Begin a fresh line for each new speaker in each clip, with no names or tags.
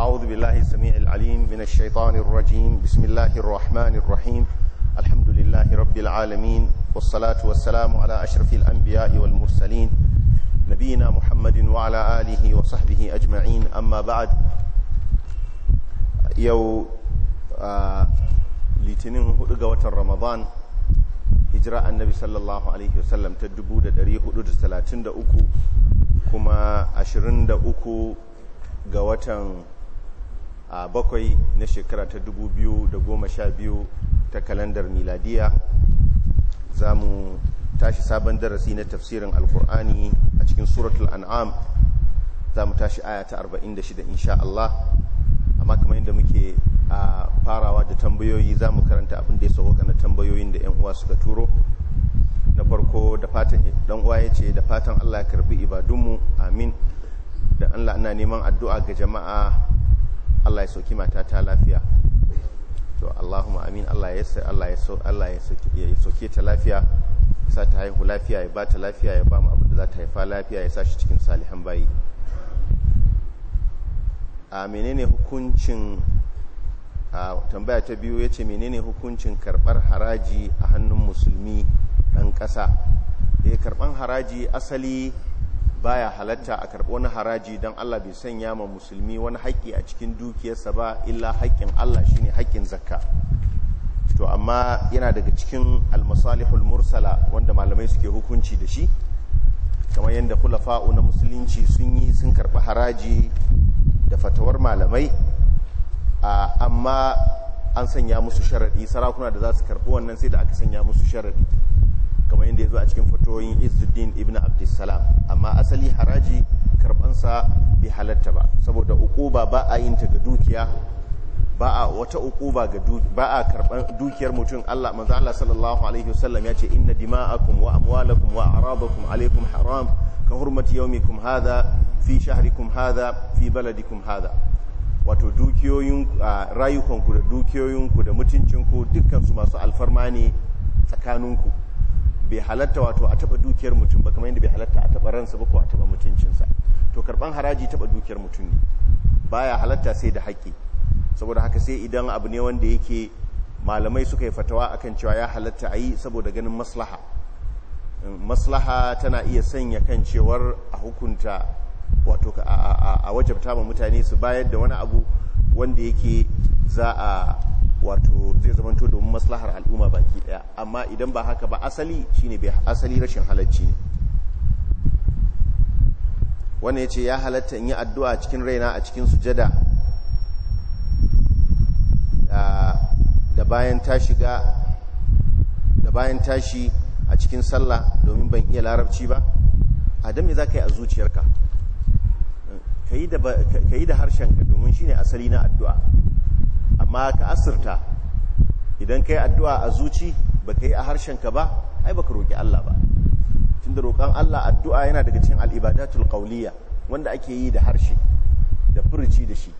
أعوذ بالله السميع العليم من الشيطان الرجيم بسم الله الرحمن الرحيم الحمد لله رب العالمين والصلاة والسلام على أشرف الأنبياء والمرسلين نبينا محمد وعلى آله وصحبه أجمعين أما بعد يو آه litinin hudu ga watan ramadan hijira annabi sallallahu alaihi wasallam ta 1433 kuma 23 ga watan a bakwai na shekara ta goma 2012 ta kalandar miladiya za mu tashi sabon darasi na tafsirin alkur'ani a cikin suratul an'am za mu tashi aya ta shida insha Allah amma kamar yadda muke a farawa da tambayoyi za mu karanta abin da ya sauka na tambayoyin da 'yan uwa suka turo na farko da fatan dan uwa yace da fatan Allah ya karbi ibadunmu amin da Allah ana neman addu'a ga jama'a Allah ya soki mata ta lafiya to Allahumma amin Allah ya sai Allah ya so Allah ya soki ya soke ta lafiya sa ta haihu lafiya ya ba ta lafiya ya ba mu abin da za ta haifa lafiya ya sa shi cikin salihan bayi a menene hukuncin a tambaya ta biyu yace menene hukuncin karbar haraji a hannun musulmi dan ƙasa eh karban haraji asali baya halatta a karɓi wani haraji don Allah bai sanya ma musulmi wani haƙƙi a cikin dukiyarsa ba illa haƙƙin Allah shi ne haƙƙin zakka to amma yana daga cikin almasalihul mursala wanda malamai suke hukunci da shi kamar yadda kulafa'u na musulunci sun yi sun karɓi haraji da fatawar malamai amma an sanya musu sharaɗi sarakuna da za su karɓi wannan sai da aka sanya musu sharaɗi kamar yadda ya zo a cikin fatoyin izuddin ibn abdissalam amma asali haraji karbansa bi halatta ba saboda ukuba ba a yin ta ga dukiya ba a wata ukuba ga ba a karban dukiyar mutum Allah manzo Allah sallallahu alaihi wasallam ya ce inna dima'akum wa amwalakum wa arabakum alaikum haram ka hurmati yawmikum hadha fi shahrikum hadha fi baladikum hadha wato dukiyoyin rayukanku da dukiyoyinku da mutuncinku dukkan su masu alfarma ne tsakaninku bai halatta wato a taba dukiyar mutum ba kamar yadda bai halatta a taba ransa ba ko a taba mutuncinsa to karban haraji taba dukiyar mutum ne baya halatta sai da haƙƙi saboda haka sai idan abu ne wanda yake malamai suka yi fatawa akan cewa ya halatta a yi saboda ganin maslaha um, maslaha tana iya sanya kan cewar a hukunta wato a wajabta ma mutane su bayar da wani abu wanda yake za a wato zai zamanto domin maslahar al'umma baki daya amma idan ba haka ba asali shine bai asali rashin halacci ne wannan yace ya halatta in yi addu'a cikin raina a cikin sujada da bayan ta shiga da bayan tashi a cikin sallah domin ban iya larabci ba adam me zaka yi a zuciyarka kayi da harshenka domin shine asali na addu'a amma ka asirta idan ka yi addu'a a zuci ba ka yi a harshenka ba ai ba ka roƙi Allah ba tun da roƙon Allah addu'a yana daga cikin al'ibadatul ƙauliya wanda ake yi da harshe da furci da shi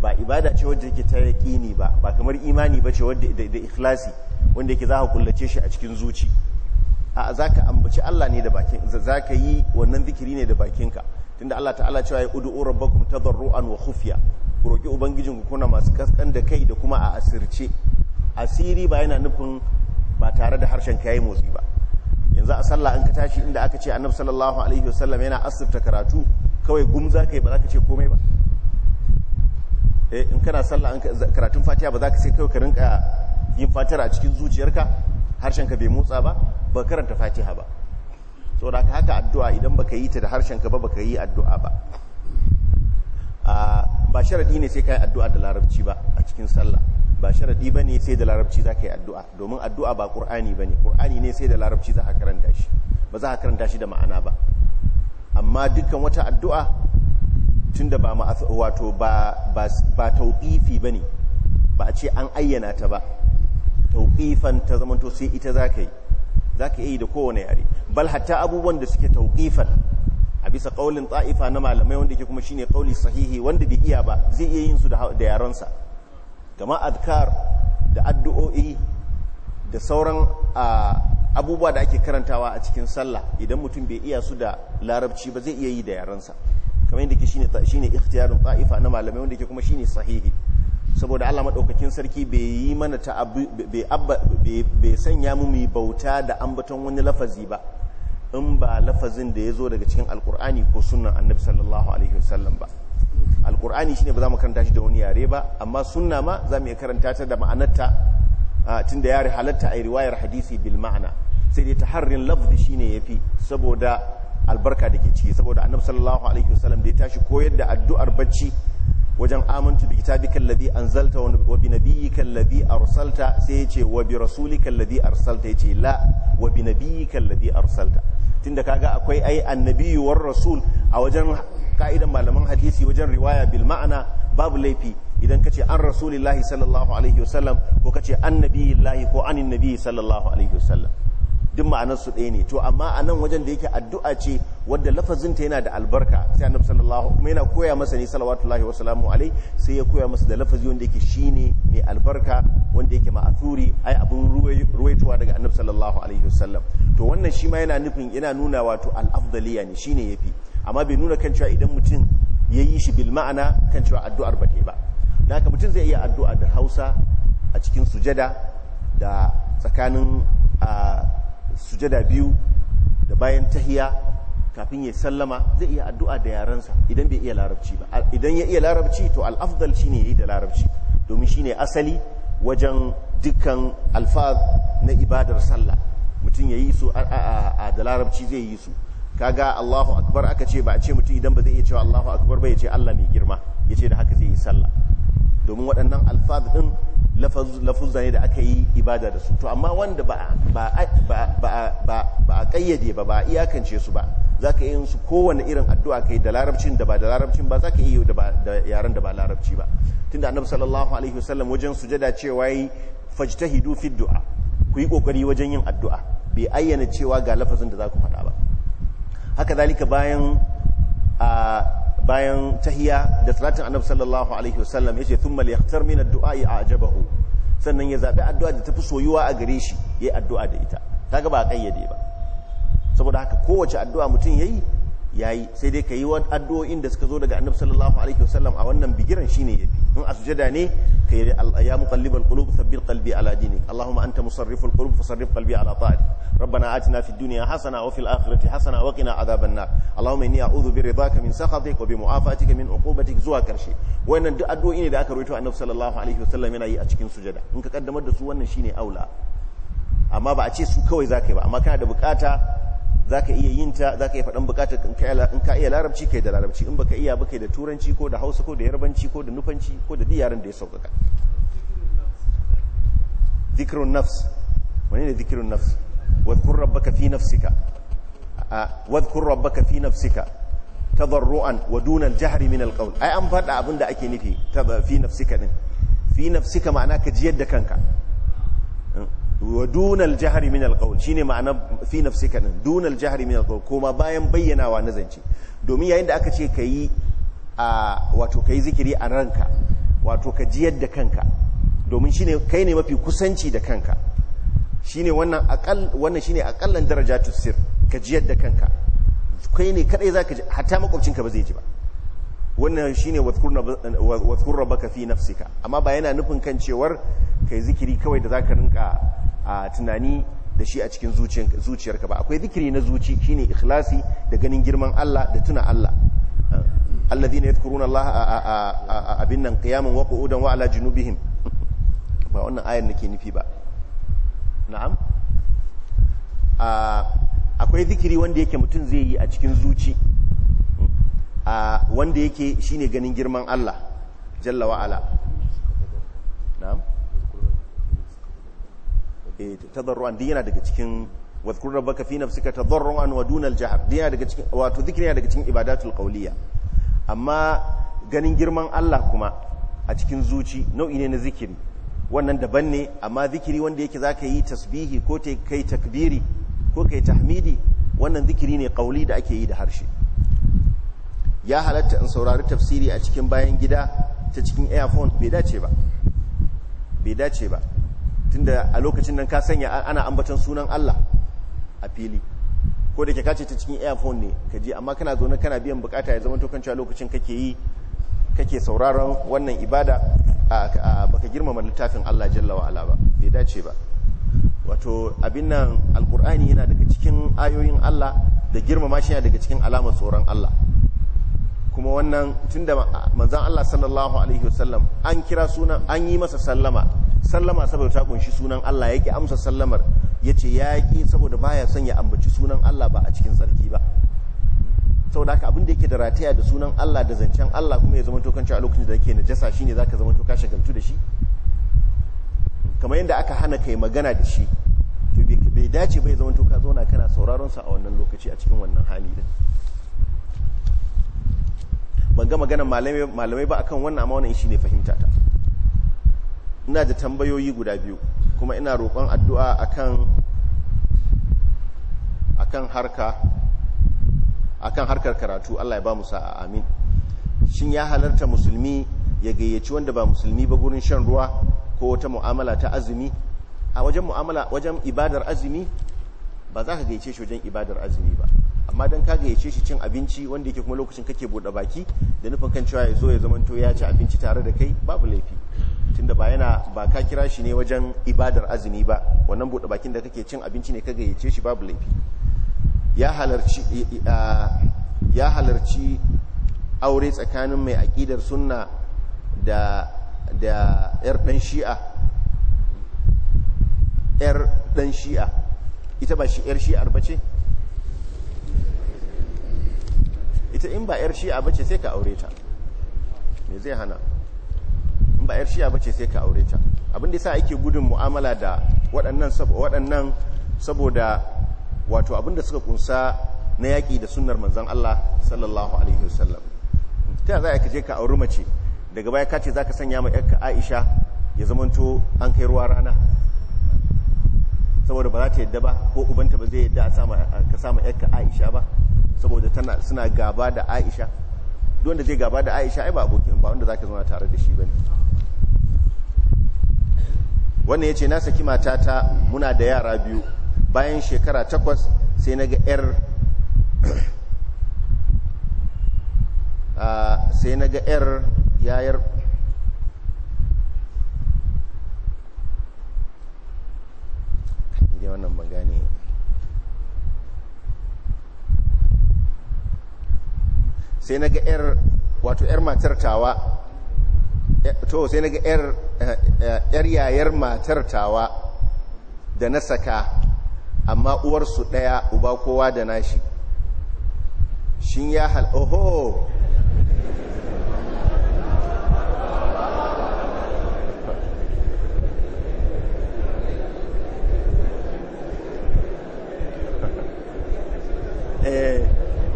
ba ibada ce wadda yake ta yaƙini ba ba kamar imani ba ce wadda da ikhlasi wanda yake za ka kullace shi a cikin zuci a za ka ambaci Allah ne da bakin za ka yi wannan zikiri ne da bakinka tunda Allah ta'ala cewa ya udu'u rabbakum tadarruan wa khufya ku roƙi ku kuna masu kaskan da kai da kuma a asirce asiri ba yana nufin ba tare da harshen kayi motsi ba yanzu a sallah an ka tashi inda aka ce annabi sallallahu alaihi wasallam yana asirta karatu kawai gumza kai ba za ka ce komai ba eh in kana sallah an karatun fatiha ba za ka ce kawai ka rinka yin fatira a cikin zuciyarka harshen ka bai motsa ba ba karanta fatiha ba saboda haka addu'a idan baka yi ta da harshen ka ba baka yi addu'a ba ba sharadi ne sai ka yi addu'a da larabci ba a cikin sallah ba sharadi ba ne sai da larabci za ka yi addu'a domin addu'a ba ƙur'ani ba ne ƙur'ani ne sai da larabci za ka karanta shi ba za ka karanta shi da ma'ana ba amma dukkan wata addu'a tun da ba wato ba tauƙifi ba ne ba a ce an ayyana ta ba tauƙifan ta zamanto sai ita za ka yi za ka yi da kowane yare bal hatta abubuwan da suke tauƙifan a bisa kaulin ta'ifa na malamai wanda ke kuma shine kauli sahihi wanda bai iya ba zai iya yin su da yaransa gama adkar da addu'o'i da sauran abubuwa da ake karantawa a cikin sallah idan mutum bai iya su da larabci ba zai iya yi da yaransa kamar yadda ke shi ne ikhtiyarin ta'ifa na malamai wanda ke kuma shi ne sahihi saboda Allah madaukakin sarki bai yi mana ta bai sanya mu mu bauta da ambaton wani lafazi ba in ba lafazin da ya zo daga cikin alkur'ani ko sunan annabi sallallahu alaihi wasallam ba alkur'ani shine ba za mu karanta shi da wani yare ba amma sunna ma za mu iya karanta ta da ma'anarta tun da yare halatta a riwayar hadisi bil ma'ana sai dai taharrin lafzi shine yafi saboda albarka da ke ciki saboda annabi sallallahu alaihi wasallam da ya tashi koyar da addu'ar bacci wajen amintu bi kitabika alladhi anzalta wa bi nabiyyika alladhi arsalta sai yace wa bi rasulika alladhi arsalta yace la wa bi nabiyyika alladhi arsalta tunda kaga akwai ai annabiyyu war rasul a wajen ka'idan malaman hadisi wajen riwaya bil ma'ana babu laifi idan kace an rasulillahi sallallahu alaihi wasallam ko kace annabiyillahi ko anin nabiyyi sallallahu alaihi wasallam duk su ɗaya ne to amma a nan wajen da yake addu'a ce wadda lafazinta yana da albarka sai annabi sallallahu wasallam yana koya masa ne salawatullahi wa salamu alai sai ya koya masa da lafazi wanda yake shine mai albarka wanda yake ma'athuri ai abun ruwaituwa daga annabi sallallahu alaihi wasallam to wannan shi ma yana nufin yana nuna wato al-afdaliya ne shine yafi amma bai nuna kan cewa idan mutum yayi shi bil ma'ana kan cewa addu'ar ba ba dan haka mutum zai iya addu'a da Hausa a cikin sujada da tsakanin a ah, sujada biyu da bayan tahiya kafin ya sallama zai iya addu'a da yarensa idan bai iya larabci ba idan ya iya larabci to al'afdal shine yi da larabci domin shine asali wajen dukkan alfaz na ibadar sallah mutum yayi su a da larabci zai yi su kaga Allahu akbar aka ce ba a ce mutum idan ba zai iya cewa Allahu akbar ba ya ce Allah mai girma ya ce da haka zai yi sallah domin waɗannan alfaz ɗin lafuzza ne da aka yi ibada da su to amma wanda ba a ƙayyade ba ba a iyakance su ba za ka yi su kowane irin addu'a ka yi da larabcin da ba da larabcin ba za ka yi da yaren da ba larabci ba tunda annabi sallallahu alaihi wasallam wajen sujada cewa yi hidu fi du'a ku yi kokari wajen yin addu'a bai ayyana cewa ga lafazin da za ku faɗa ba haka zalika bayan bayan tahiya da salatin annabi sallallahu alaihi wasallam yace thumma liyaktar min ad-du'a ajabahu sannan ya zabi addu'a da tafi soyuwa a gare shi yayi addu'a da ita kaga ba kayyade ba saboda haka kowace addu'a mutum yayi yayi sai dai kayi wa addu'o'in da suka zo daga annabi sallallahu alaihi wasallam a wannan bigiran shine yafi in a sujada ne kayi ya muqallibal qulub thabbil qalbi ala dinik allahumma anta musarriful qulub fasarrif qalbi ala ta'atik ربنا آتنا في الدنيا حسنة وفي الآخرة حسنة وقنا عذاب النار اللهم إني أعوذ برضاك من سخطك وبمعافاتك من عقوبتك زوا كرشي وإن أدوئني ذاك رويتو النبي صلى الله عليه وسلم ينا يأتكين سجدا إنك قدمت دسوا نشيني أولى amma ba a ce su kawai za ka yi ba amma kana da bukata za ka iya yin ta za ka iya faɗin bukatar in ka iya larabci kai da larabci in baka iya baka da turanci ko da hausa ko da yarbanci ko da nufanci ko da diyarin da ya sauƙaƙa zikirun nafs wani ne واذكر ربك في نفسك واذكر ربك fi nafsika تضرعا ودون الجهر من القول min ان فدا ai an faɗa da ake nufi fi nafsika din fi nafsika ma'ana ka jiyar da kanka wa duna al min shine ma'ana fi nafsika din duna min kuma bayan bayyanawa na zance domin yayin da aka ce kayi a wato kayi zikiri a ranka wato ka jiyar da kanka domin shine kai ne mafi kusanci da kanka shine wannan akal wannan shine akallan darajatus sir ka jiyar da kanka kai ne kadai zaka ji hatta makwabcinka ba zai ji ba wannan shine wadhkur rabbaka fi nafsika amma ba yana nufin kan cewar kai zikiri kawai da zaka rinka tunani da shi a cikin zuciyarka ba akwai zikiri na zuci shine ikhlasi da ganin girman Allah da tuna Allah alladhina yadhkuruna Allah abin nan qiyaman wa qu'udan wa ala junubihim ba wannan ayar nake nufi ba na'am akwai zikiri wanda yake mutum zai yi a cikin zuci wanda yake shine ganin girman Allah jalla wa'ala na'am eh, tadarruan din yana daga cikin wadhkur rabbaka fi nafsika tadarruan wa dunal jahr din yana daga cikin wato zikiri yana daga cikin ibadatul qawliya amma ganin girman Allah kuma a cikin zuci nau'i ne na zikiri wannan daban ne amma zikiri wanda yake zaka yi tasbihi ko kai takbiri ko kai tahmidi wannan zikiri ne kauli da ake yi da harshe ya halatta in saurari tafsiri a cikin bayan gida ta cikin earphone bai dace ba bai dace ba tunda a lokacin nan ka sanya ana ambaton sunan Allah a fili ko da ke kace ta cikin earphone ne ka ji amma kana zaune kana biyan bukata ya zama to kan cewa lokacin kake yi kake sauraron wannan ibada baka girmama littafin Allah jalla wa ala ba bai dace ba wato abin nan alkur'ani yana daga cikin ayoyin Allah da girmama shi daga cikin alamar tsoron Allah kuma wannan tunda manzon Allah sallallahu alaihi wasallam an kira sunan an yi masa sallama sallama saboda ta kunshi sunan Allah yake amsa sallamar yace yaki saboda baya son ya ambaci sunan Allah ba a cikin sarki ba saboda haka abin da yake da rataya da sunan Allah da zancen Allah kuma ya zama to kan a lokacin da yake najasa shine zaka zama to ka shagaltu da shi kamar yadda aka hana kai magana da shi to bai dace bai zama to ka zauna kana sauraron sa a wannan lokaci a cikin wannan hali din ban ga magana malamai malamai ba akan wannan amma wannan shine fahimta ta ina da tambayoyi guda biyu kuma ina roƙon addu'a akan akan harka akan harkar karatu Allah ya ba mu sa'a amin shin ya halarta musulmi ya gayyaci wanda ba musulmi ba gurin shan ruwa ko wata mu'amala ta azumi a wajen mu'amala wajen ibadar azumi ba za ka gayyace shi wajen ibadar azumi ba amma dan ka gayyace shi cin abinci wanda yake kuma lokacin kake bude baki da nufin kan cewa ya zo ya zama zamanto ya ci abinci tare da kai babu laifi tunda ba yana ba ka kira shi ne wajen ibadar azumi ba wannan bude bakin da kake cin abinci ne ka gayyace shi babu laifi ya halarci aure tsakanin mai aƙidar sunna da da yar dan shi'a yar ɗan shi'a ita ba shi yar shi'ar ce? ita in ba yar shi'a ba ce sai ka aure ta me zai hana in ba yar shi'a ba ce sai ka aure ta abinda da yasa ake gudun mu'amala da waɗannan saboda wato abinda suka kunsa na yaƙi da sunnar manzan Allah sallallahu alaihi wasallam ta za a je ka auri mace daga baya ka ce za ka sanya ma yarka Aisha ya zamanto an kai ruwa rana saboda ba za ta yadda ba ko ubanta ba zai yadda ka sama yarka Aisha ba saboda suna gaba da Aisha don da zai gaba da Aisha ai ba abokin ba wanda za ka zama tare da shi ba ne wannan ya ce na saki matata muna da yara biyu bayan shekara takwas sai na ga yar ah, sai na ga yar yayar ne wannan magani sai na ga yar wato yar matar tawa eh, to sai na ga eh, eh, yar yayar matar tawa da na saka amma uwarsu ɗaya uba kowa da nashi shin ya hal oho eh,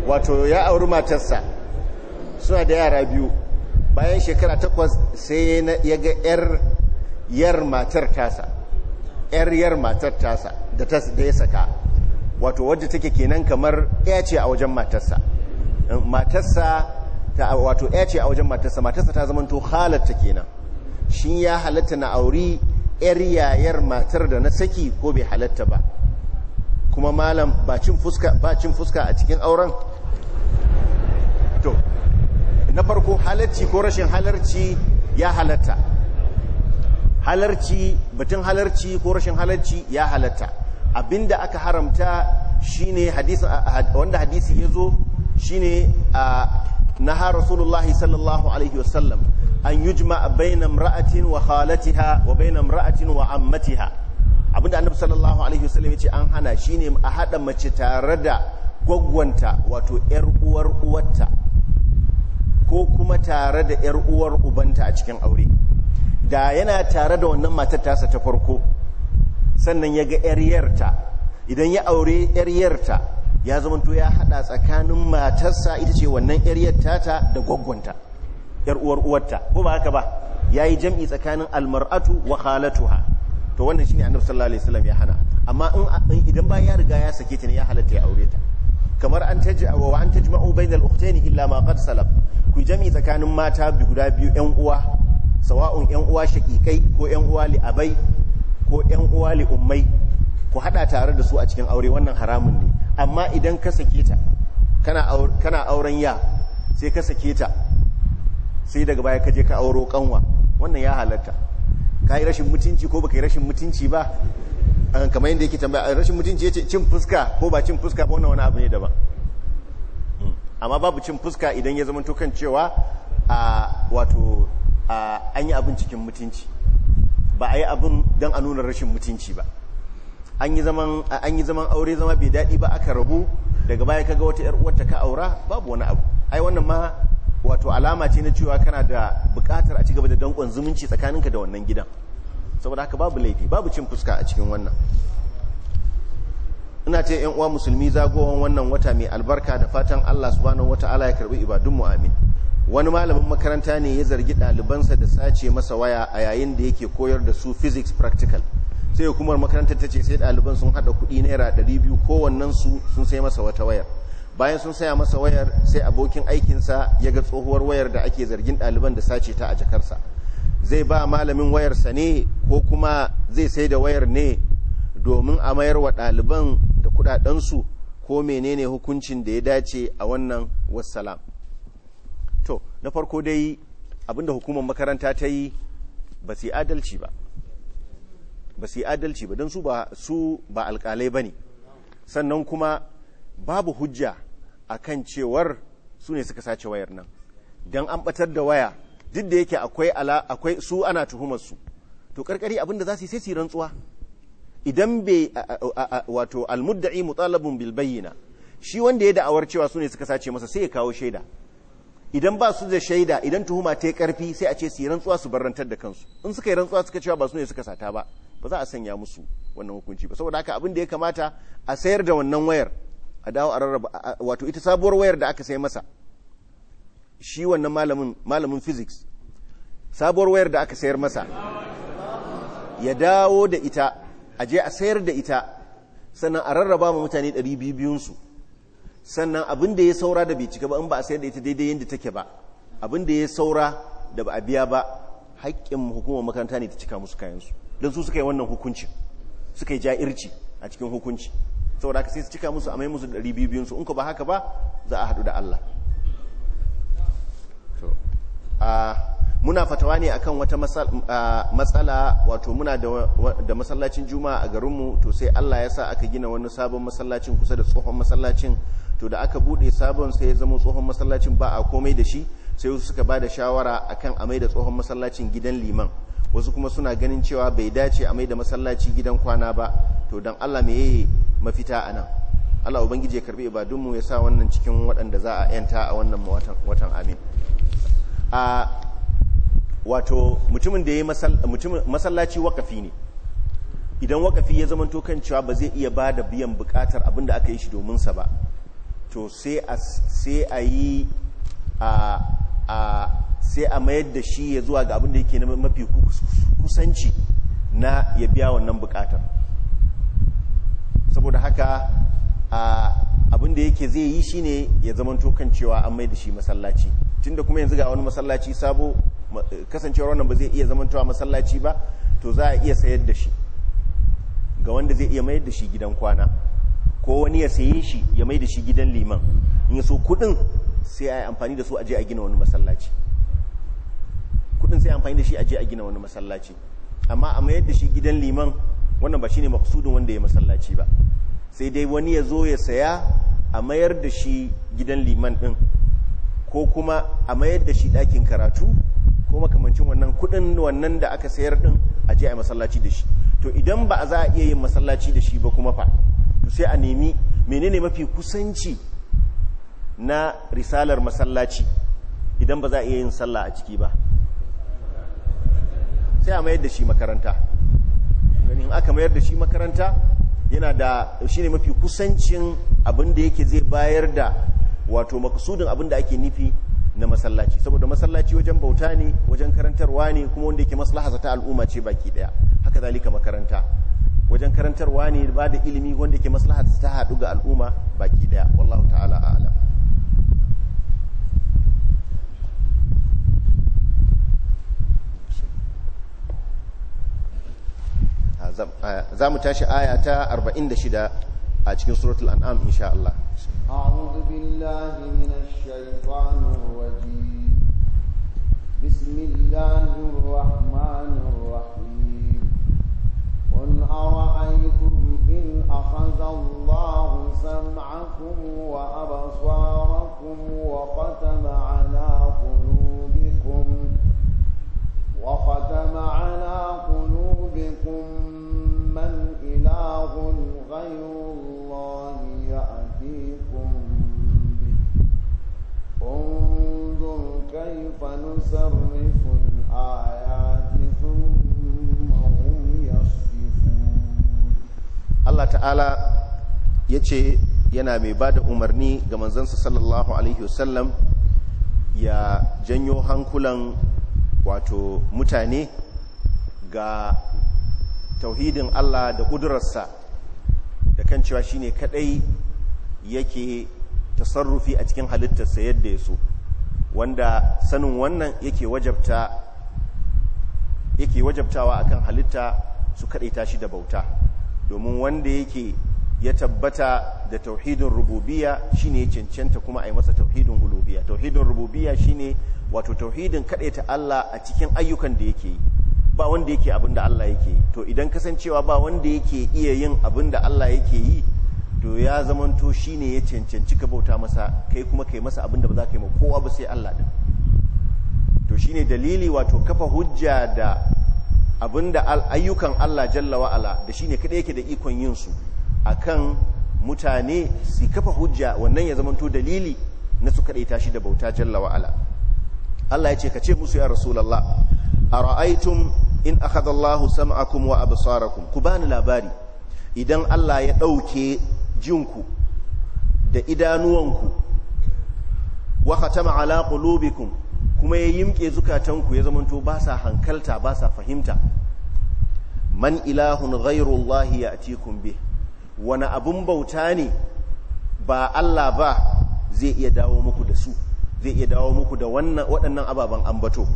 wato ya auri matarsa suna da yara biyu bayan shekara takwas sai ya ga yar yar yar matar tasa da ya saka wato wadda take kenan kamar ya ce a wajen matarsa matarsa ta wato ya ce a wajen matarsa matarsa ta zama to halatta kenan shi ya halatta na auri yar yayar matar da na saki ko bai halatta ba kuma malam bacin fuska fuska a cikin auren to na farko halarci ko rashin halarci ya halatta halarci batun halarci ko rashin halarci ya halatta abinda aka haramta shine hadisi wanda hadisi yazo shine na ha rasulullahi sallallahu alaihi wasallam an yujma bainam ra'atin wa khalatiha wa bainam ra'atin wa ammatiha abinda annabi sallallahu alaihi wasallam yace an hana shine a hada mace tare da gwaggwanta wato yar uwar uwarta ko kuma tare da yar uwar ubanta a cikin aure da yana tare da wannan matar tasa ta farko sannan ya ga ‘yaryarta idan ya aure ‘yaryarta ya zamanto ya haɗa tsakanin matarsa ita ce wannan ‘yaryarta ta da gwaggwanta ta uwar uwarta ko ba haka ba ya yi jam'i tsakanin almar'atu wa halatuha to wannan shine annabi sallallahu alaihi wasallam ya hana amma in idan ba ya riga ya sake ta ne ya halatta ya aure ta kamar an tajma wa an tajma'u bainal ukhtaini illa ma qad salaf ku jami tsakanin mata bi guda biyu yan uwa sawa'un yan uwa shaqiqai ko yan uwa li'abai ko yan uwa li’ummai ku hada tare da su a cikin aure wannan haramun ne amma idan ka sake ta kana auren ya sai ka sake ta sai daga baya ka je ka auro kanwa wannan ya halatta ka yi rashin mutunci ko ka yi rashin mutunci ba kamar yadda yake tambaya rashin mutunci ya ce cin fuska ko ba cin fuska ba wannan wani abu ne daban hmm, amma babu cin fuska idan ya zama kan cewa a wato an yi abin cikin mutunci ba a yi abin don a nuna rashin mutunci ba an yi zaman aure zama bai daɗi ba aka rabu daga baya kaga wata yar uwarta ka aura babu wani abu ai wannan ma wato alama ce na cewa kana da buƙatar a ci gaba da danƙon zumunci tsakaninka da wannan gidan saboda haka babu laifi babu cin fuska a cikin wannan ina ce yan uwa musulmi zagowon wannan wata mai albarka da fatan Allah subhanahu wataala ya karbi ibadunmu amin wani malamin makaranta ne ya zargi ɗalibansa da sace masa waya a yayin da yake koyar da su physics practical sai hukumar makarantar ta ce sai ɗaliban sun haɗa kuɗi naira ɗari biyu kowannen su sun sai masa wata wayar bayan sun saya masa wayar sai abokin aikinsa ya ga tsohuwar wayar da ake zargin ɗaliban da sace ta a jakarsa zai ba malamin wayarsa ne ko kuma zai sai da wayar ne domin a mayar wa ɗaliban da kuɗaɗensu ko menene hukuncin da ya dace a wannan wassalam to na farko dai abinda hukumar makaranta ta yi ba su yi adalci ba ba su yi adalci ba don su ba su ba alkalai ba ne sannan kuma babu hujja a kan cewar su ne suka sace wayar nan don an batar da waya duk da yake akwai akwai su ana tuhumar su to karkari abinda za su yi sai su rantsuwa idan bai wato almudda'i mutalabun bilbayyana shi wanda ya da'awar cewa su ne suka sace masa sai ya kawo shaida idan ba su da shaida idan tuhuma ta karfi sai a ce su yi rantsuwa su barantar da kansu in suka yi rantsuwa suka cewa ba su ne suka sata ba ba za a sanya musu wannan hukunci ba saboda haka abin da ya kamata a sayar da wannan wayar a dawo a rarraba wato ita sabuwar wayar da aka sai masa shi wannan malamin malamin physics sabuwar wayar da aka sayar masa ya dawo da ita a je a sayar da ita sannan a rarraba ma mutane 200 su sannan abin da ya saura da bai cika ba in ba a sayar da ita daidai yadda take ba abin da ya saura da ba a biya ba haƙƙin hukumar makaranta ne ta cika musu kayansu don su suka yi wannan hukuncin suka yi ja'irci a cikin hukunci saboda ka sai su cika musu a mai musu ɗari biyu biyunsu in ku ba haka ba za a haɗu da Allah muna fatawa ne akan wata matsala wato muna da masallacin juma'a a garinmu to sai Allah ya sa aka gina wani sabon masallacin kusa da tsohon masallacin to da aka bude sabon sai ya zama tsohon masallacin ba a komai da shi sai wasu suka da shawara akan a mai da tsohon masallacin gidan liman wasu kuma suna ganin cewa bai dace a mai da masallaci gidan kwana ba to dan Allah me yayi mafita nan Allah ubangiji ya karbi ibadunmu ya sa wannan cikin waɗanda za a yanta a wannan watan amin a wato mutumin da ya masallaci wakafi ne idan wakafi ya zamanto kan cewa ba zai iya ba da biyan bukatar abinda aka yi shi domin sa ba to sai a yi a mayar da shi ya zuwa ga abin da yake mafi kusanci na ya biya wannan bukatar saboda haka abin da yake zai yi shine ya zamanto kan cewa an mai da shi masallaci tunda kuma yanzu ga wani masallaci sabo kasancewar wannan ba zai iya zamantowa masallaci ba to za a iya sayar da shi ga wanda zai iya mayar da shi gidan kwana ko wani ya sayi shi ya mai da shi gidan liman in ya so kudin sai a yi amfani da su aje a gina wani masallaci kudin sai amfani da shi aje a gina wani masallaci amma a mayar da shi gidan liman wannan ba shi ne maksudin wanda ya masallaci ba sai dai wani ya zo ya saya a mayar da shi gidan liman din ko kuma a mayar da shi ɗakin karatu ko makamancin wannan kudin wannan da aka sayar din aje a yi masallaci da shi to idan ba za a iya yin masallaci da shi ba kuma fa to sai a nemi menene mafi kusanci na risalar masallaci idan ba za a iya yin sallah a ciki ba sai a mayar da shi makaranta ganin aka mayar da shi makaranta yana da shi ne mafi kusancin abin da yake zai bayar da wato makasudin abin da ake nufi na masallaci saboda masallaci wajen bauta ne wajen karantarwa ne kuma wanda yake maslaha ta al'umma ce baki daya haka zalika makaranta wajen karantarwa ne ba da ilimi wanda ke maslaha ta haɗu ga al'umma baki daya wallahu ta'ala ala ah, ah, za mu tashi aya ta 46 a cikin suratul an'am insha Allah
a'udhu billahi minash shaitanir rajim bismillahir rahmanir rahim قل أرأيتم إن أخذ الله سمعكم وأبصاركم وختم على قلوبكم وختم على قلوبكم من إله غير الله يأتيكم به انظر كيف نصرف الآيات
Allah ta'ala ya ce yana mai ba da umarni ga manzansa sallallahu alaihi wasallam ya janyo hankulan wato mutane ga tauhidin Allah da ƙudurarsa da kan cewa shi ne kaɗai yake tasarrufi a cikin halittarsa yadda ya so wanda sanin wannan yake wajabta yake wajabtawa akan halitta su kaɗaita shi da bauta domin wanda yake ya tabbata da tauhidin rububiya shine ya cancanta kuma a yi masa tauhidin ulubiya tauhidin rububiya shine wato tauhidin ta Allah a cikin ayyukan da yake yi ba wanda yake abin da Allah yake yi to idan kasancewa ba wanda yake iya yin abin da Allah yake yi to ya zamanto shine ya cancanci ka bauta masa kai kuma kai masa abin da ba za ka yi ma kowa ba sai Allah din to shine dalili wato kafa hujja da abinda ayyukan Allah jalla wa'ala da shi ne kaɗai yake da ikon yinsu a kan mutane su kafa hujja wannan ya zamanto dalili na su kaɗai tashi da bauta jalla wa'ala Allah ya ce ka ce musu ya rasulallah a ra'aitun in aka zallahu sam'akum wa abu ku bani labari idan Allah ya ɗauke jinku da idanuwanku wa khatama ala kuma ya yimke zukatanku ya zamanto ba sa hankalta ba sa fahimta man ilahun ghairullahi ya ati kumbe wani abun bauta ne ba Allah ba zai iya dawo muku da su zai iya dawo muku da waɗannan ababen ambato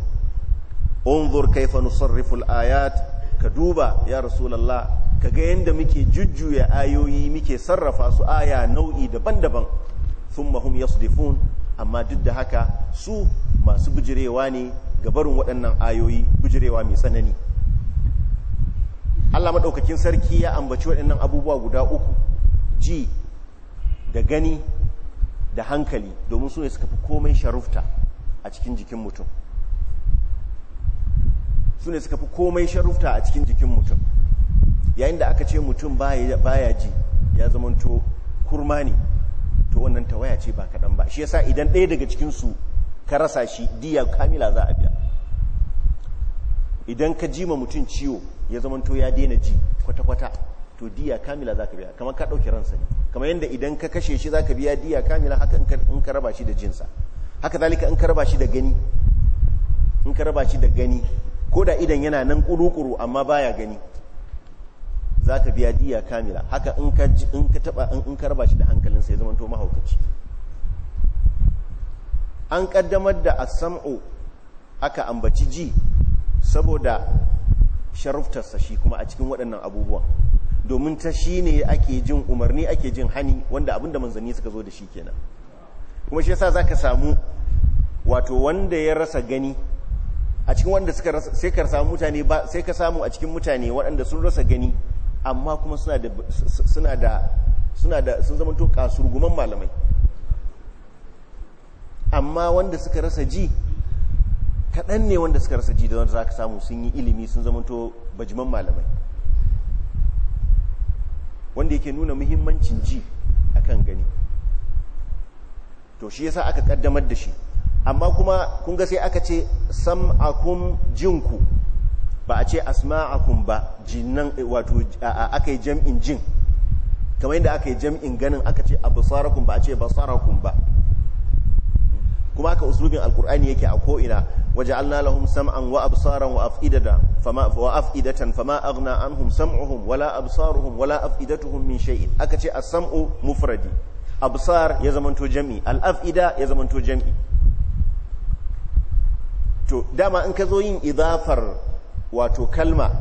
unzur kaifa nusarriful ayat ka duba ya rasulullah ga yanda muke jujjuya ayoyi muke sarrafa su aya nau'i daban-daban thumma hum yasdifun amma duk da haka su masu bijirewa ne ga barin waɗannan ayoyi bijirewa mai tsanani Allah maɗaukakin sarki ya ambaci waɗannan abubuwa guda uku ji da gani da hankali domin su ne suka fi komai sharufta a cikin jikin mutum su ne suka fi komai sharufta a cikin jikin mutum yayin da aka ce mutum baya ji ya zamanto kurma ne wannan tawaya ce ba kaɗan ba shi yasa idan ɗaya daga cikinsu ka rasa shi diya kamila za a biya idan ka ji ma mutum ciwo ya zamanto ya daina ji kwata-kwata to diya kamila za ka biya kamar ka ɗauki ransa ne kamar yadda idan ka kashe shi za ka biya diya kamila haka in ka raba shi da jinsa haka zalika in ka raba shi da gani in ka raba shi da gani ko da idan yana nan kuru-kuru amma baya gani za ka biya diya kamila haka in ka in ka raba shi da hankalin sai zama to mahaukaci an kaddamar da asam'u aka ambaci ji saboda sharuftarsa shi kuma a cikin waɗannan abubuwan domin ta shi ne ake jin umarni ake jin hani wanda abinda manzanni suka zo da shi kenan kuma shi yasa za ka samu wato wanda ya rasa gani a cikin wanda suka sai ka samu mutane ba sai ka samu a cikin mutane waɗanda sun rasa gani amma kuma suna da suna da sun zama to kasurguman malamai amma wanda suka rasa ji kaɗan ne wanda suka rasa ji da wanda za ka samu sun yi ilimi sun zama to bajiman malamai wanda yake nuna muhimmancin ji akan gani to shi yasa aka kaddamar da shi amma kuma kunga sai aka ce sam sam'akum jinku ba a ce asma'akum ba jinnan eh, wato aka yi jam'in jin kamar yadda aka yi jam'in ganin aka ce abusarakum ba a ce basarakum ba kuma aka uslubin alkur'ani yake a ko'ina waje alna lahum sam'an wa absaran wa af'idatan fama aghna anhum sam'uhum wala absaruhum wala af'idatuhum min shay'in aka ce as-sam'u mufradi absar ya zamanto jami al-af'ida ya zamanto jami to dama in ka zo yin idafar wato kalma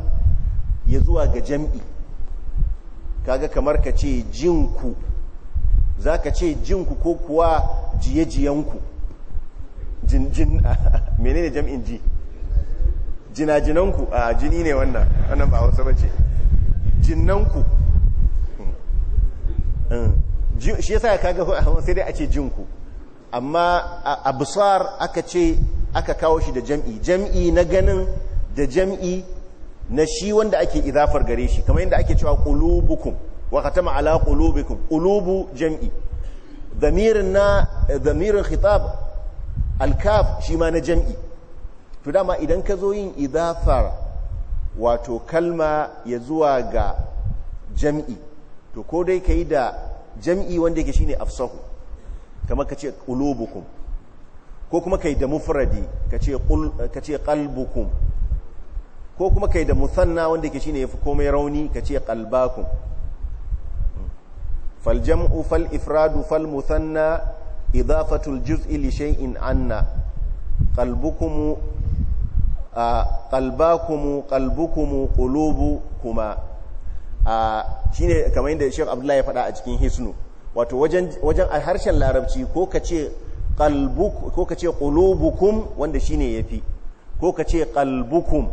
ya zuwa ga jam'i kaga kamar ka ce jinku za ka ce jinku ko kuwa jiye-jiyenku jinjin menene jam'in ji jinajinanku a jini ne wannan wannan ba wasu ba ce jinnanku
hmm.
Hmm. shi yasa kaga sai dai a ce jinku amma a busar aka ce aka kawo shi da jam'i jam'i na ganin da jam'i na shi wanda ake idafar gare shi kamar yadda ake cewa qulubukum wa khatama ala qulubikum qulubu jam'i dhamirin na dhamirin khitab alkaf shi ma na jam'i to dama idan ka zo yin idafar wato kalma ya zuwa ga jam'i to ko dai kayi da jam'i wanda yake shine afsahu kamar ce qulubukum ko kuma kayi da mufradi kace ce qalbukum ko kuma kai da musanna wanda ke shine yafi komai rauni ka ce qalbakum fal jam'u fal ifradu fal musanna idafatul juz'i li shay'in anna qalbukum qalbakum qalbukum qulubukuma shine kamar yadda Sheikh Abdullahi ya faɗa a cikin Hisnu wato wajen wajen a harshen larabci ko kace ce qalbuk ko ka qulubukum wanda shine yafi ko kace ce qalbukum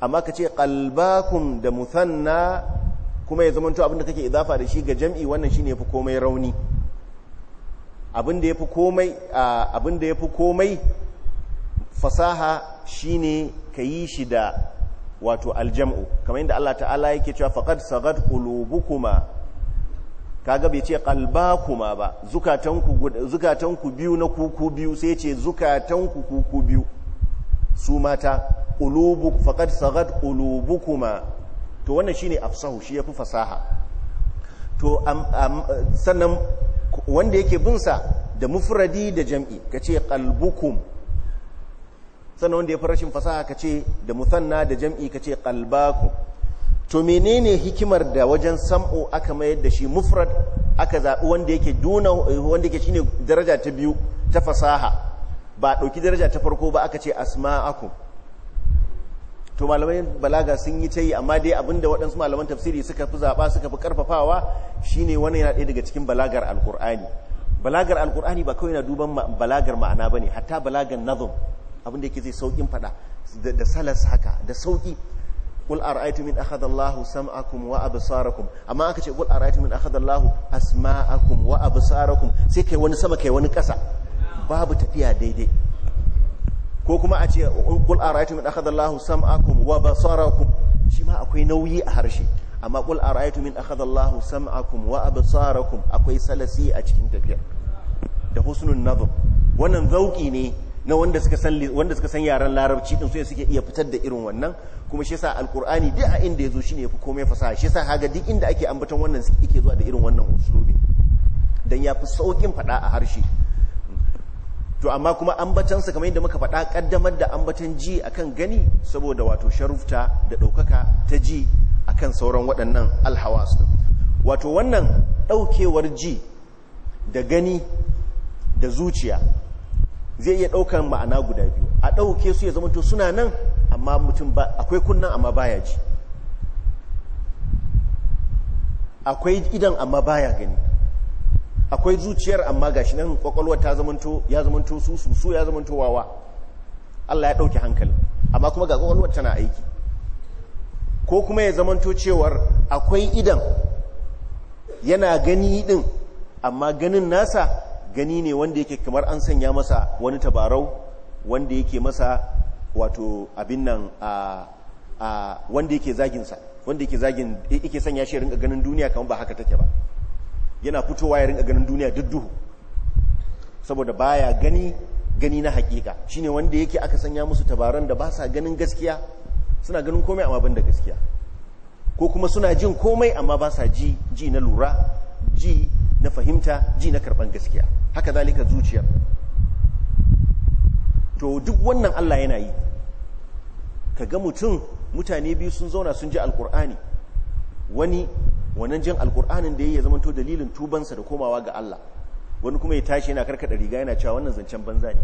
amma ka ce ƙalbakun da musanna kuma ya zamanto abinda kake idafa da shi ga jam'i wannan shine fi komai rauni abinda yafi komai abinda komai fasaha shine kayi shi da wato aljam'u kamar yadda Allah ta'ala yake cewa faqad sagad kuma kaga bai ce kuma ba zukatanku zukatanku biyu na kuku biyu sai ce zukatanku kuku biyu su mata qulubu faqad sagat qulubukuma to wannan shine afsahu shi yafi fasaha to sannan wanda yake bin sa da mufradi da jam'i kace qalbukum sannan wanda yafi rashin fasaha kace da musanna da jam'i kace qalbakum to menene hikimar da wajen sam'o aka mayar da shi mufrad aka zaɓi wanda yake duna wanda yake shine daraja ta biyu ta fasaha ba ɗauki daraja ta farko ba aka ce asma'akum to malamai balaga sun yi ta yi amma dai abinda waɗansu malaman tafsiri suka fi zaɓa suka fi ƙarfafawa shine wani yana ɗaya daga cikin balagar alkur'ani balagar alkur'ani ba kawai na duban balagar ma'ana ba ne hatta balagar nazum abinda yake zai sauƙin faɗa da salas haka da sauƙi قل أرأيتم من أخذ الله سمعكم وأبصاركم أما أكتش قل أرأيتم من أخذ الله wani sama kai wani ونكسا babu tafiya daidai ko kuma a ce qul ara'aytum in akhadha Allahu sam'akum wa basarakum shi ma akwai nauyi a harshe amma qul ara'aytum in akhadha Allahu sam'akum wa akwai salasi a cikin tafiyar da husnul nazm wannan zauki ne na wanda suka san wanda suka san yaran larabci din su suke iya fitar da irin wannan kuma shi yasa alqur'ani duk a inda yazo shine yafi komai fasaha shi yasa haga duk inda ake ambaton wannan suke zuwa da irin wannan don dan yafi saukin fada a harshe to amma kuma an ambatansa kamar yadda muka faɗa ƙaddamar da ambatan ji akan gani saboda wato sharufta da ɗaukaka ta ji akan sauran waɗannan alhawas wato wannan ɗaukewar ji da gani da zuciya zai iya ɗaukar ma'ana guda biyu a ɗauke su ya zama to suna nan amma mutum ba akwai kunnan amma baya ji akwai idan amma baya gani akwai zuciyar amma gashi nan kwakwalwar ta zamanto ya zamanto su su su ya zamanto wawa Allah ya ɗauki hankali amma kuma ga kwakwalwar tana aiki ko kuma ya zamanto cewar akwai idan yana gani din amma ganin nasa gani ne wanda yake kamar an sanya masa wani tabarau wanda yake masa wato abin nan a wanda yake zaginsa wanda yake zagin yake sanya shi rinka ganin duniya kamar ba haka take ba yana fitowa ya ringa ganin duniya duk duhu saboda baya gani gani na hakika shine wanda yake aka sanya musu tabaran da ba sa ganin gaskiya suna ganin komai amma ban gaskiya ko kuma suna jin komai amma ba sa ji ji na lura ji na fahimta ji na karban gaskiya haka zalika zuciya to duk wannan Allah yana yi kaga mutum mutane biyu sun zauna sun ji alkur'ani wani wannan jin alkur'anin da ya zamanto dalilin tubansa da komawa ga Allah wani kuma ya tashi yana karkaɗa riga yana cewa wannan zancen banza ne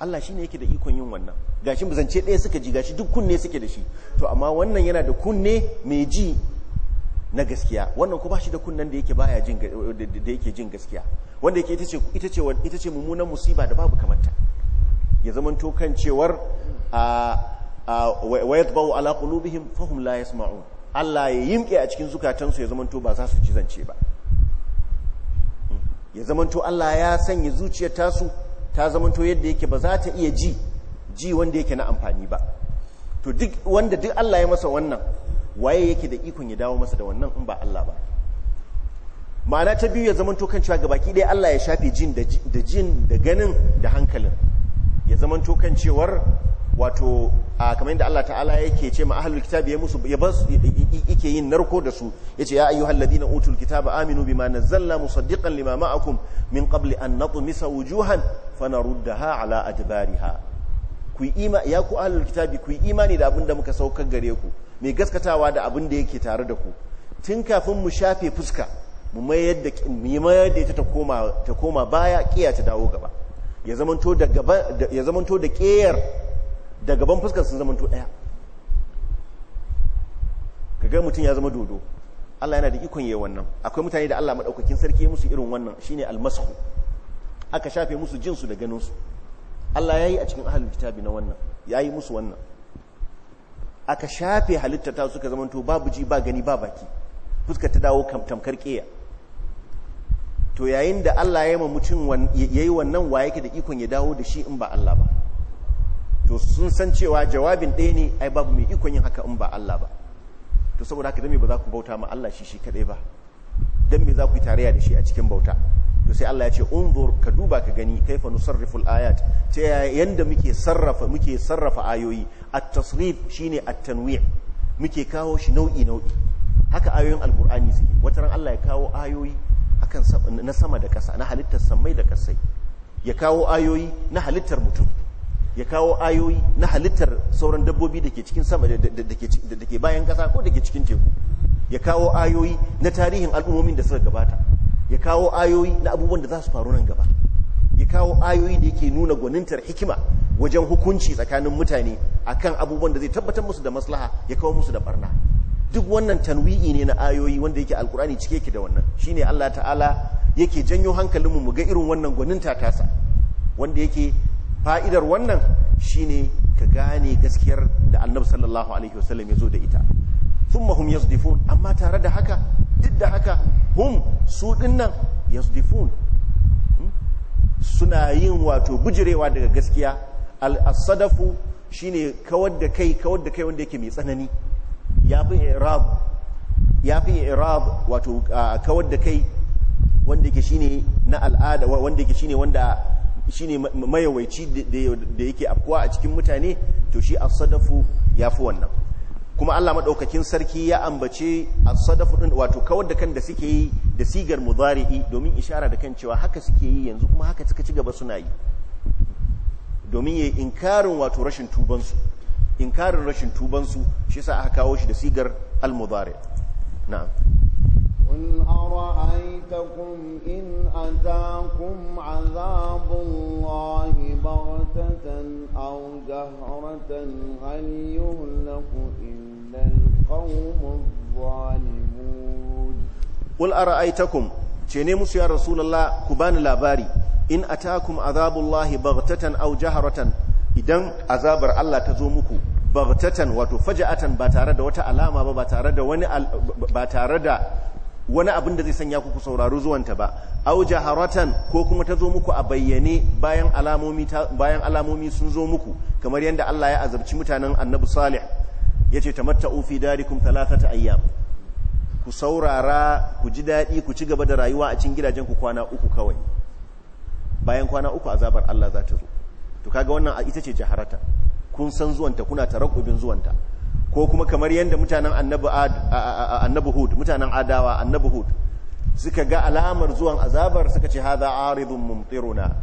Allah shine yake da ikon yin wannan gashi zance ɗaya suka ji gashi duk kunne suke da shi to amma wannan yana da kunne mai ji na gaskiya wannan ko ba shi da kunnen da yake baya jin da yake jin gaskiya wanda yake ita ce ita ce ita ce mummunan musiba da babu kamata ya zamanto kan cewar a wa yatba'u ala qulubihim fahum la yasma'un Allah ya yimke a cikin zukatansu ya zamanto ba za su ci zance ba ya zamanto Allah ya sanya zuciyar tasu ta zamanto yadda yake ba za ta iya ji ji wanda yake na amfani ba to duk wanda duk Allah ya masa wannan waye yake da ikon ya dawo masa da wannan in ba Allah ba ma'ana ta biyu ya zamanto kan cewa baki ɗaya Allah ya shafe jin da jin da ganin da hankalin ya zamanto kan cewar wato a kamar yadda Allah ta'ala yake ce ma ahlul kitabi ya musu ya bas yake yin narko da su yace ya ayyuhal ladina utul kitaba aminu bima nazzalna musaddiqan lima ma'akum min qabli an natmisa wujuhan fanaruddaha ala adbariha ku ima ya ku ahlul kitabi ku imani da abinda muka saukar gare ku mai gaskatawa da abinda yake tare da ku tun kafin mu shafe fuska mu mayar da mu mayar da ita ta koma ta koma baya kiya dawo gaba ya zamanto da gaba ya zamanto da kiyar da gaban fuskar sun zamanto daya ka ga mutum ya zama dodo Allah yana da ikon yi wannan akwai mutane da Allah maɗaukakin sarki musu irin wannan shine almasu aka shafe musu jinsu da ganinsu Allah ya yi a cikin ahalin kitabi na wannan ya yi musu wannan aka shafe halitta ta suka zamanta babu ji ba gani ba baki fuskar ta dawo tamkar ƙeya to yayin da Allah ya yi mutum ya wannan wa yake da ikon ya dawo da shi in ba Allah ba to sun san cewa jawabin ɗaya ne ai babu mai ikon yin haka in ba Allah ba to saboda haka dan me ba za ku bauta ma Allah shi shi kadai ba dan me za ku yi tarayya da shi a cikin bauta to sai Allah ya ce unzur ka duba ka gani kaifa nusarriful ayat ta yanda muke sarrafa muke sarrafa ayoyi at-tasrif shine at-tanwi' muke kawo shi nau'i nau'i haka ayoyin alqur'ani suke wata ran Allah ya kawo ayoyi akan na sama da ƙasa na halittar samai da ƙasai ya kawo ayoyi na halittar mutum ya kawo ayoyi na halittar sauran dabbobi da ke cikin sama da ke bayan kasa ko da ke cikin teku ya kawo ayoyi na tarihin al'ummomin da suka gabata ya kawo ayoyi na abubuwan da za su faru nan gaba ya kawo ayoyi da yake nuna gwanintar hikima wajen hukunci tsakanin mutane akan abubuwan da zai tabbatar musu da maslaha ya kawo musu da barna duk wannan tanwi'i ne na ayoyi wanda yake alkurani cike yake da wannan ne Allah ta'ala yake janyo hankalinmu mu ga irin wannan gwaninta tasa wanda yake fa'idar wannan shine ka gane gaskiyar da annabi sallallahu alaihi wasallam ya zo da ita thumma hum yasdifun amma tare da haka duk da haka hum su dinnan yasdifun hmm? suna yin wato bujirewa daga gaskiya al-sadafu shine kawar da kai kawar da kai wanda yake mai tsanani yafi i'rab yafi i'rab wato kawar da kai wanda yake shine na al'ada wanda yake shine wanda shi ne mayawaici da yake afkuwa a cikin mutane to shi a sadafu ya fi wannan kuma Allah maɗaukakin sarki ya ambace a sadafu ɗin wato kawar da kan da suke yi da sigar mudari'i domin ishara da kan cewa haka suke yi yanzu kuma haka suka ci gaba suna yi domin ya yi inkarin wato rashin tubansu su inkarin rashin tuban shi sa aka kawo shi da sigar al
قل أرأيتكم إن أتاكم عذاب الله بغتة أو جهرة هل يهلك إلا القوم الظالمون
قل أرأيتكم ce musu ya rasulullah ku bani labari in atakum azabullahi baghtatan aw idan azabar Allah ta zo muku baghtatan wato faja'atan ba tare da wata alama ba ba tare da wani ba tare da wani abin da zai sanya ku ku sauraro zuwanta ba au jaharatan ko kuma ta zo muku a bayyane bayan alamomi bayan alamomi sun zo muku kamar yadda Allah ya azabci mutanen Annabi Salih yace tamatta'u fi darikum thalathata ayyam ku saurara ku ji dadi ku ci gaba da rayuwa a cikin gidajen ku kwana uku kawai bayan kwana uku azabar Allah za ta zo to kaga wannan ita ce jaharata kun san zuwanta kuna tarakkubin zuwanta ko kuma kamar yadda mutanen annabi hud mutanen adawa annabi hud suka ga alamar zuwan azabar suka ce haza aridun mumtiruna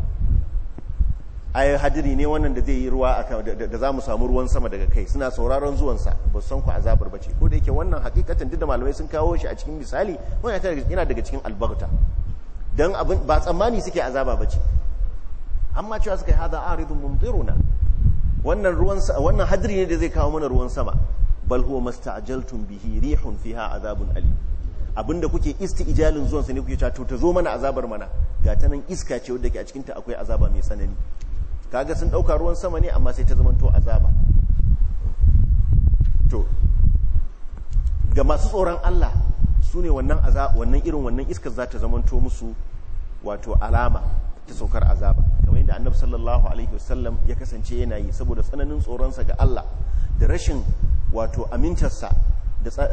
ai hadiri ne wannan da zai yi ruwa da za mu samu ruwan sama daga kai suna sauraron zuwansa ba san ku azabar ce ko da yake wannan hakikatan duk da malamai sun kawo shi a cikin misali wani yana daga cikin albarta don abin ba tsammani suke azaba bace amma cewa suka yi haza aridun mumtiruna wannan ruwan wannan hadri ne da zai kawo mana ruwan sama bal huwa masta'jaltum bihi rihun fiha azabun ali abinda kuke isti'jalin zuwan sa ne kuke cewa to ta zo mana azabar mana ga ta nan iska ce wadda ke a cikin ta akwai azaba mai tsanani kaga sun dauka ruwan sama ne amma sai ta zama to azaba to ga masu tsoron Allah su ne wannan irin wannan iskar za ta zama to musu wato alama ta saukar azaba kamar yadda annabi sallallahu alaihi wasallam ya kasance yana yi saboda tsananin sa ga Allah da rashin wato amintarsa da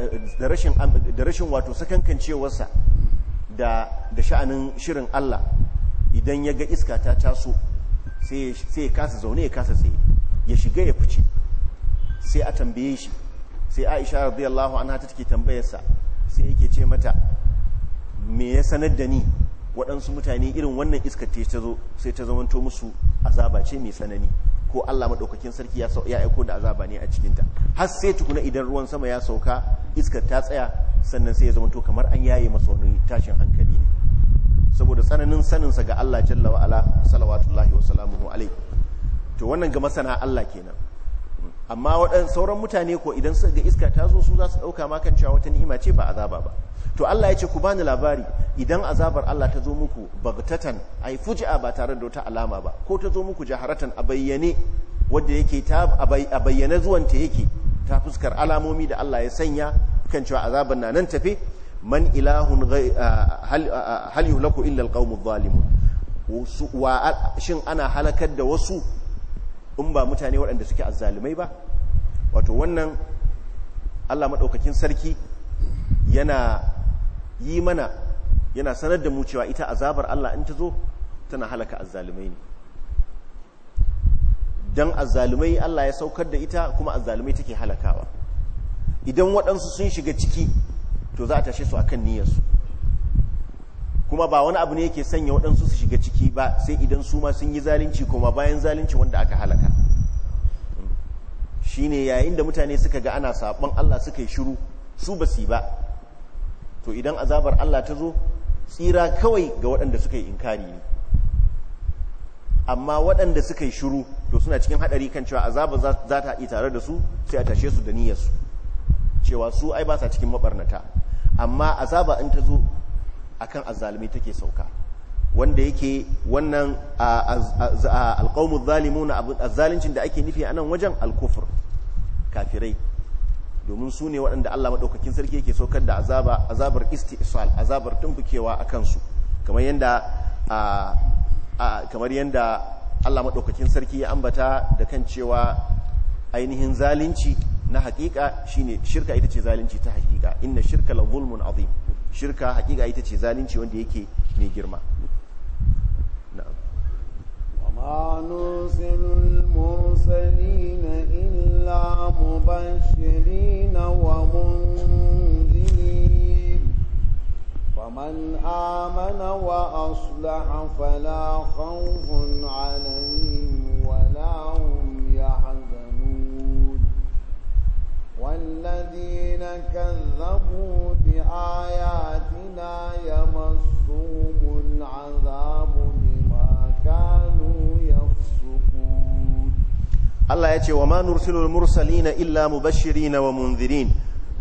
rashin da rashin wato sakankancewarsa da da sha'anin shirin Allah idan ya ga iska ta taso sai ya kasa zaune ya kasa tsaye ya shiga ya fice sai a tambaye shi sai Aisha radiyallahu anha ta take tambayarsa sai yake ce mata me ya sanar da ni waɗansu mutane irin wannan iskar ta zo sai ta zamanto musu azaba ce mai tsanani ko Allah maɗaukakin sarki ya aiko da azaba ne a cikinta har sai tukuna idan ruwan sama ya sauka iskar ta tsaya sannan sai ya zamanto kamar an yaye masa wani tashin hankali ne saboda tsananin saninsa ga Allah jalla wa ala salawatullahi wa salamuhu to wannan ga masana Allah kenan amma waɗansu sauran mutane ko idan suka ga iska ta zo su za su ɗauka ma wata ni'ima ce ba azaba ba to Allah ya ce ku bani labari idan azabar Allah ta zo muku bagtatan ai fuji'a ba tare da wata alama ba ko ta zo muku jaharatan a bayyane wanda yake ta a bayyane zuwan ta yake ta fuskar alamomi da Allah ya sanya kan cewa azabar na nan tafi man ilahun hal yuhlaku illa alqawmu adh wa shin ana halakar da wasu in ba mutane waɗanda suke azzalumai ba wato wannan Allah maɗaukakin sarki yana yi mana yana sanar da mu cewa ita azabar Allah in ta zo tana halaka azzalumai ne don azzalumai Allah ya saukar da ita kuma azzalumai take halakawa idan waɗansu sun shiga ciki to za a tashe su akan niyyarsu kuma ba wani abu ne yake sanya waɗansu su shiga ciki ba sai idan su ma sun yi zalunci kuma bayan zalunci wanda aka halaka shine yayin da mutane suka ga ana saɓon Allah suka yi shiru su ba su ba to idan azabar Allah ta zo tsira kawai ga waɗanda suka yi inkari ne amma waɗanda suka yi shiru to suna cikin haɗari kan cewa azaba za ta yi tare da su sai a tashe su da niyyarsu cewa su ai ba sa cikin mabarnata amma azaba in ta zo akan azzalumi take sauka wanda yake wannan alƙawmu zalimuna azzalincin da ake nufi anan wajen alkufur kafirai domin su ne waɗanda Allah maɗaukakin sarki yake saukar da azabar isti'sal azabar tumbukewa a kansu kamar yadda kamar yadda Allah maɗaukakin sarki ya ambata da kan cewa ainihin zalunci na haƙiƙa shine shirka ita ce zalunci ta haƙiƙa inna shirka la zulmun azim shirka haƙiƙa ita ce zalunci wanda yake mai girma
وما نرسل المرسلين إلا مبشرين ومنذرين فمن آمن وأصلح فلا خوف عليهم ولا هم يحزنون والذين كذبوا بآياتنا يمسهم العذاب بما كانوا
Allah ya ce wa ma nursilul mursalina illa mubashirina wa munzirin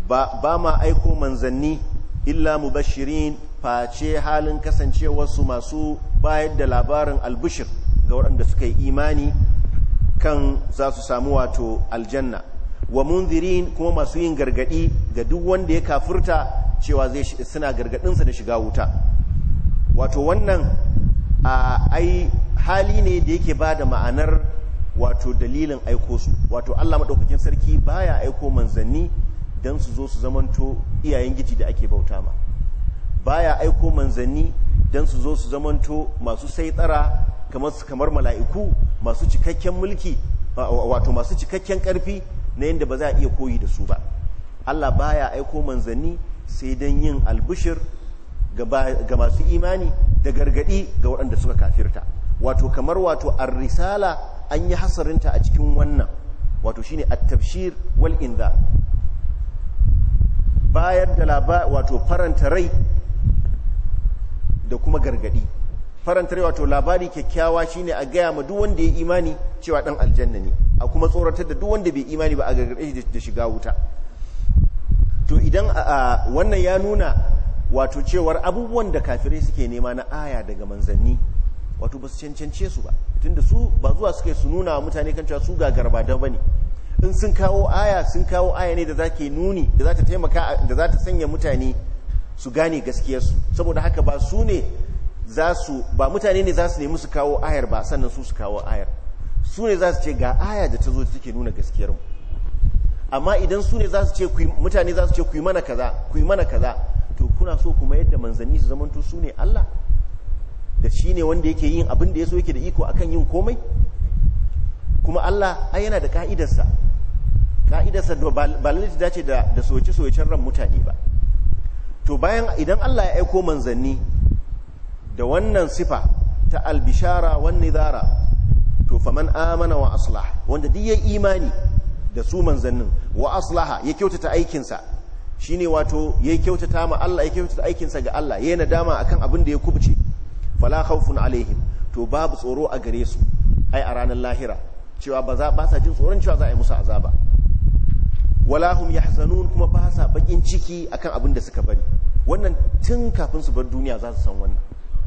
ba ba ma aiko manzanni illa mubashirin face halin kasancewarsu masu bayar da labarin albushir ga waɗanda suka yi imani kan za su samu wato aljanna wa munzirin kuma masu yin gargadi ga duk wanda ya kafurta cewa zai suna gargadinsa da shiga wuta wato wannan a ai hali ne da yake ba da ma'anar wato dalilin aiko su wato Allah maɗaukakin sarki baya aiko manzanni dan su zo su zamanto iyayen giji da ake bauta ma baya aiko manzanni dan su zo su zamanto masu saitsara kamar kamar mala'iku masu cikakken mulki wato masu cikakken karfi na yadda ba za a iya koyi da su ba Allah baya aiko manzanni sai don yin albushir ga masu imani da gargadi ga waɗanda suka kafirta wato kamar wato ar-risala an yi hasarinta a cikin wannan wato shine a tafshir wal da bayar da labarai wato faranta rai da kuma gargadi faranta rai wato labari kyakkyawa shine a gaya ma duk wanda ya imani cewa dan aljanna ne a kuma tsoratar da duk wanda bai imani ba a gargadi da shiga wuta to idan wannan ya nuna wato cewar abubuwan da kafirai suke nema na aya daga manzanni wato ba su cancance su ba tunda su ba zuwa suke su nuna mutane kan cewa su ga da bane in sun kawo aya sun kawo aya ne da zake nuni da za taimaka da za sanya mutane su gane gaskiyarsu saboda haka ba su ne za su ba mutane ne za su nemi su kawo ayar ba sannan su su kawo ayar su ne za su ce ga aya da ta zo take nuna mu amma idan su ne za su ce mutane za su ce ku yi mana kaza ku yi mana kaza to kuna so kuma yadda manzanni su zamanto su ne Allah da shi ne wanda yake yin abin da ya so yake da iko akan yin komai kuma Allah ai yana da ka'idarsa ka'idarsa ba lalle dace da da soyace-soyacen ran mutane ba to bayan idan Allah ya aiko manzanni da wannan sifa ta albishara wan nidara to faman amana wa aslah wanda duk ya imani da su manzannin wa aslaha ya kyautata aikinsa shine wato ya kyautata ma Allah ya kyautata aikinsa ga Allah ya nadama akan abin da ya kubuce fala khawfun alaihim to babu tsoro a gare su ai a ranar lahira cewa ba za ba sa jin tsoron cewa za a yi musu azaba wala hum yahzanun kuma ba sa bakin ciki akan abin da suka bari wannan tun kafin su bar duniya za su san wannan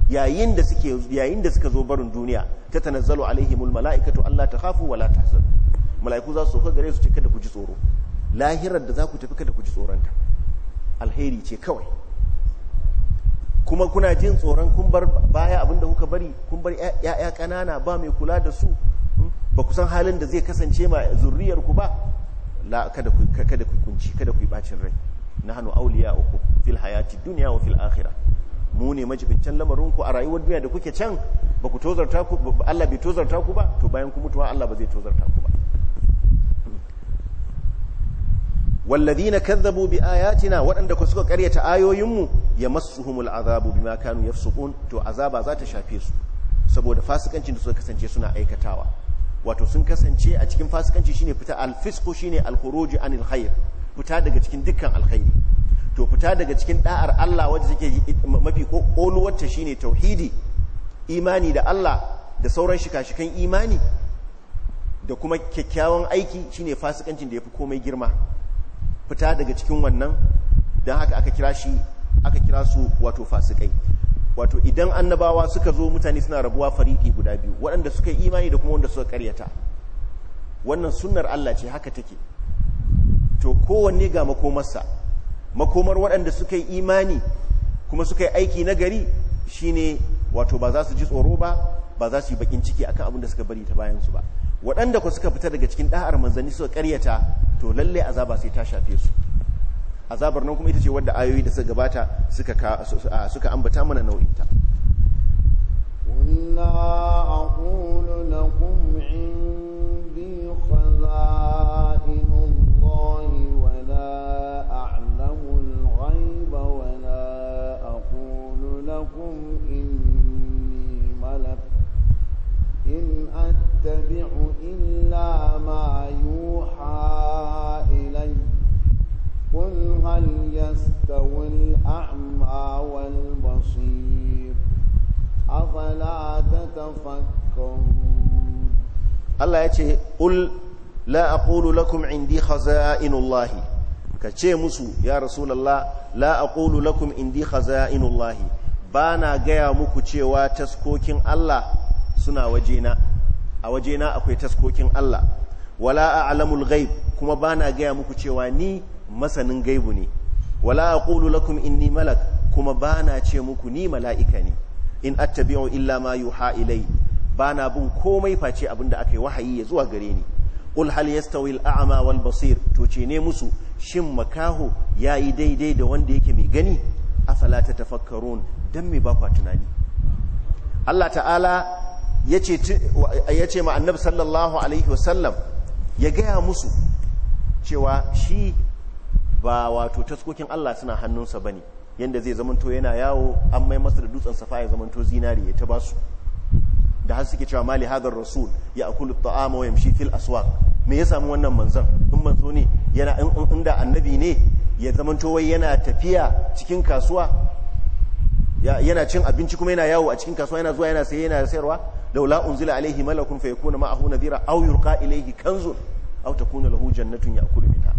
yayin da suke yayin da suka zo barin duniya ta tanazzalu alaihimul malaikatu alla takhafu wala tahzanu malaiku za su soka gare su cika da ku ji tsoro lahirar da za ku tafi kada ku ji tsoronta alheri ce kawai kuma kuna jin tsoron kun bar baya abinda kuka bari kun bar ya'ya kanana ba mai kula da su hmm? ba ku san halin da zai kasance ma zurriyar ku ba la kada ku kada ku kunci kada ku bacin rai nahnu fil hayati dunya wa fil akhirah mu ne majibincin lamarin ku a rayuwar duniya da kuke can ba ku tozarta ku Allah bai tozarta ku ba to bayan ku mutuwa Allah ba zai tozarta ku ba walladhina kadzabu biayatina waɗanda ku suka ƙaryata ayoyinmu yamassuhumul azabu bima kanu yafsukun to azaba za ta shafe su saboda fasikancin da suka kasance suna aikatawa wato sun kasance a cikin fasikanci shine fita alfisku shine alkhuruju anil khair fita daga cikin dukkan alkhairi to fita daga cikin da'ar Allah wanda take mafi kokoluwar ta shine tauhidi imani da Allah da sauran shika-shikan imani da kuma kyakkyawan aiki shine fasikancin da yafi komai girma fita daga cikin wannan don haka aka kira shi aka kira su wato fasikai wato idan annabawa suka zo mutane suna rabuwa fariki guda biyu waɗanda suka yi imani da kuma wanda suka karyata wannan sunnar Allah ce haka take to kowanne ga makomarsa makomar waɗanda suka yi imani kuma suka yi aiki na gari shine wato ba za su ji tsoro ba ba za su yi bakin ciki akan abin da suka bari ta bayansu ba waɗanda ku suka fita daga cikin da'ar manzanni suka karyata to lalle azaba sai ta shafe su azabar nan kuma ita ce wadda ayoyi da suka gabata suka ambata mana nau'inta
la aqulu lakum indi khaza'inu Allahi wa la a'lamu al-ghaiba wa la aqulu lakum inni malak in attabi'u illa ma yuha قل هل يستوي الأعمى والبصير أفلا تتفكرون الله
يتي قل لا أقول لكم عندي خزائن الله كتشي مسو يا رسول الله لا أقول لكم عندي خزائن الله بانا جاي مكو تشيوا تسكوكين الله سنا وجينا a wajena akwai taskokin Allah wala a'lamul ghaib kuma bana gaya muku cewa ni masanin gaibu ne wala aqulu lakum ni malak kuma bana ce muku ni mala'ika ne in attabi'u illa ma yuha ilai bana bin komai face abinda aka yi wahayi ya zuwa gare ni ul hal yastawi al-a'ma wal basir to ce ne musu shin makaho yayi daidai da wanda yake mai gani afala tatafakkarun dan me ba ku tunani Allah ta'ala yace yace ma annabi sallallahu alaihi wasallam ya gaya musu cewa shi ba wato taskokin Allah suna hannunsa ba ne. yadda zai zamanto yana yawo an mai masa da dutsen safa ya zamanto zinari ya ta basu da har suke cewa mali hadar rasul ya akulu ta'ama wa yamshi fil aswaq me ya samu wannan manzon in manzo ne yana in inda annabi ne ya zamanto wai yana tafiya cikin kasuwa yana cin abinci kuma yana yawo a cikin kasuwa yana zuwa yana saye yana sayarwa laula unzila alaihi malakun fa yakuna ma'ahu nadira aw yurqa ilaihi kanzun aw takuna lahu jannatun ya'kulu minha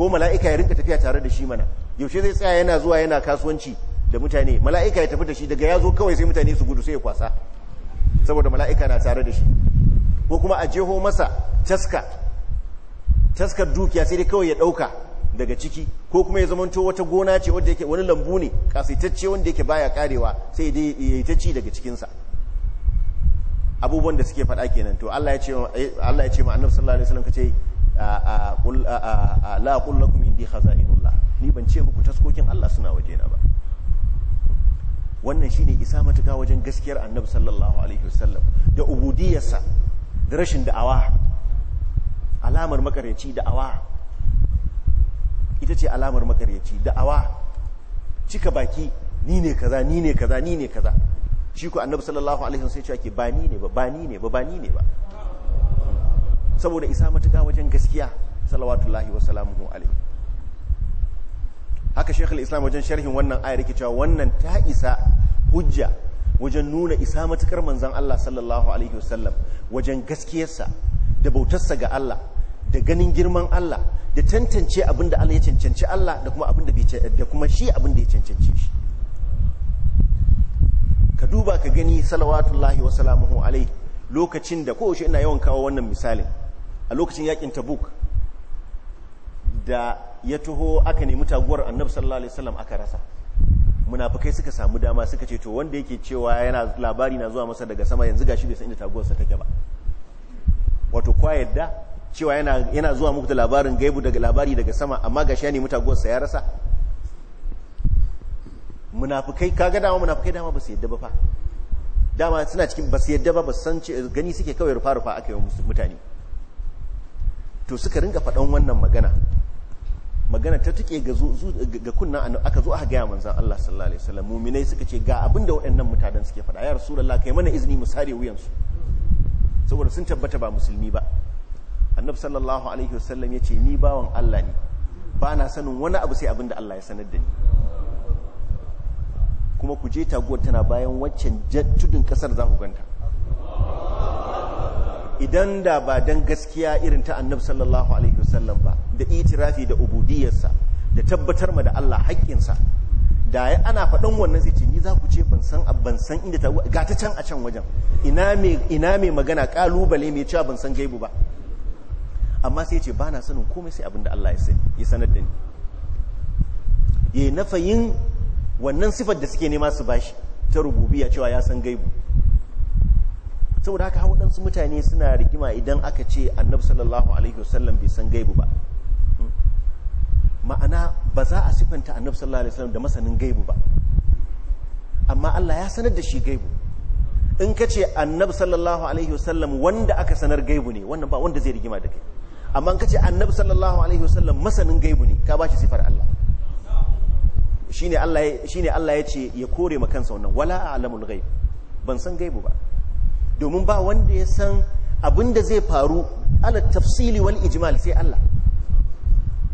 ko mala'ika ya rinka tafiya tare da shi mana yaushe zai tsaya yana zuwa yana kasuwanci da mutane mala'ika ya tafi da shi daga ya zo kawai sai mutane su gudu sai ya kwasa saboda mala'ika na tare da shi ko kuma a jeho masa taska taskar dukiya sai dai kawai ya ɗauka daga ciki ko kuma ya zamanto wata gona ce yake wani lambu ne kasaitacce wanda yake baya karewa sai dai ya yi ta ci daga cikinsa abubuwan da suke faɗa kenan to Allah ya ce ma annabi sallallahu alaihi wasallam kace la aqul lakum indi khaza'inullah ni ban ce muku taskokin Allah suna wajena ba wannan shine isa matuka wajen gaskiyar annabi sallallahu alaihi wasallam da ubudiyarsa da rashin da'awa alamar makaryaci da'awa ita ce alamar makaryaci da'awa cika baki ni ne kaza ni ne kaza ni ne kaza shi ku annabi sallallahu alaihi wasallam sai ya ce ba ni ne ba ba ni ne ba ba ni ne ba saboda isa matuƙa wajen gaskiya salawatullahi wa salamuhu alaihi haka shekul islam wajen sharhin wannan ayar yake cewa wannan ta isa hujja wajen nuna isa matukar manzan Allah sallallahu alaihi wasallam wajen gaskiyarsa da bautarsa ga Allah da ganin girman Allah da tantance abin da Allah ya cancanci Allah da kuma abin da da kuma shi abin da ya cancanci shi ka duba ka gani salawatullahi wa salamuhu alaihi lokacin da kowace ina yawan kawo wannan misalin a lokacin yakin tabuk da ya taho aka nemi taguwar annabi sallallahu alaihi wasallam aka rasa munafikai suka samu dama suka ce to wanda yake cewa yana labari na zuwa masa daga sama yanzu gashi bai san inda taguwarsa take ba wato kwa yadda cewa yana yana zuwa muku da labarin gaibu daga labari daga sama amma gashi ya nemi taguwarsa ya rasa munafikai kaga dama munafikai dama ba su yadda ba fa dama suna cikin ba su yadda ba ba san gani suke kawai rufa rufa aka yi mutane to suka ringa faɗan wannan magana magana ta tuke ga kunna aka zo aka gaya manzan Allah sallallahu alaihi wasallam mu'minai suka ce ga abinda waɗannan mutanen suke faɗa ya lalaka ya mana izini mu sare saboda sun tabbata ba musulmi ba annabi sallallahu alaihi wasallam ce ni bawan Allah ne ba na sanin wani abu sai abinda Allah ya sanar da ni kuma ku je taguwar tana bayan waccan tudun kasar za ku ganta idan da ba dan gaskiya irin ta annabi sallallahu alaihi wasallam ba da itirafi da ubudiyarsa da tabbatar ma da Allah haƙƙinsa da ya ana faɗin wannan sai ce ni za ku ce ban san ban san inda ta ga ta can a can wajen ina mai magana kalubale me cewa ban san gaibu ba amma sai ce ba na sanin komai sai abin Allah ya sanar da ni ya nafayin wannan sifar da suke nema su bashi ta rububiya cewa ya san gaibu saboda haka waɗansu mutane suna rigima idan aka ce annabi sallallahu alaihi wasallam bai san gaibu ba ma'ana ba za a sifanta annabi sallallahu alaihi wasallam da masanin gaibu ba amma Allah ya sanar da shi gaibu in ka ce annabi sallallahu alaihi wasallam wanda aka sanar gaibu ne wannan ba wanda zai rigima da kai amma in ka ce annabi sallallahu alaihi wasallam masanin gaibu ne ka bashi sifar Allah shine Allah shine Allah ya ce ya kore ma kansa wannan wala a'lamul ghaib ban san gaibu ba domin ba wanda ya san abin da zai faru ala tafsili wal ijmal sai Allah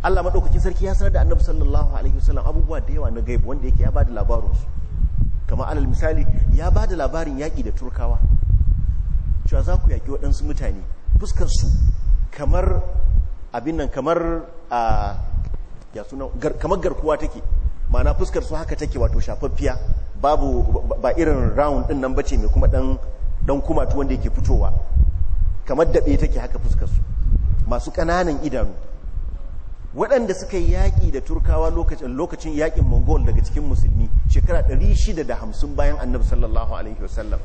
Allah madaukakin sarki ya sanar da Annabi sallallahu alaihi wasallam abubuwa da yawa na gaibu wanda yake ya bada labarin su kamar alal misali ya bada labarin yaki da turkawa cewa za ku yaki waɗansu mutane fuskar su kamar abin nan kamar a ya suna kamar garkuwa take mana fuskar su haka take wato shafaffiya babu ba irin round din nan bace mai kuma dan Don kuma tu wanda yake fitowa kamar daɓe take haka fuskarsu masu ƙananan idanu waɗanda suka yi yaƙi da turkawa lokacin yaƙin mongol daga cikin musulmi shekara 650 bayan annabi sallallahu alaihi wasallam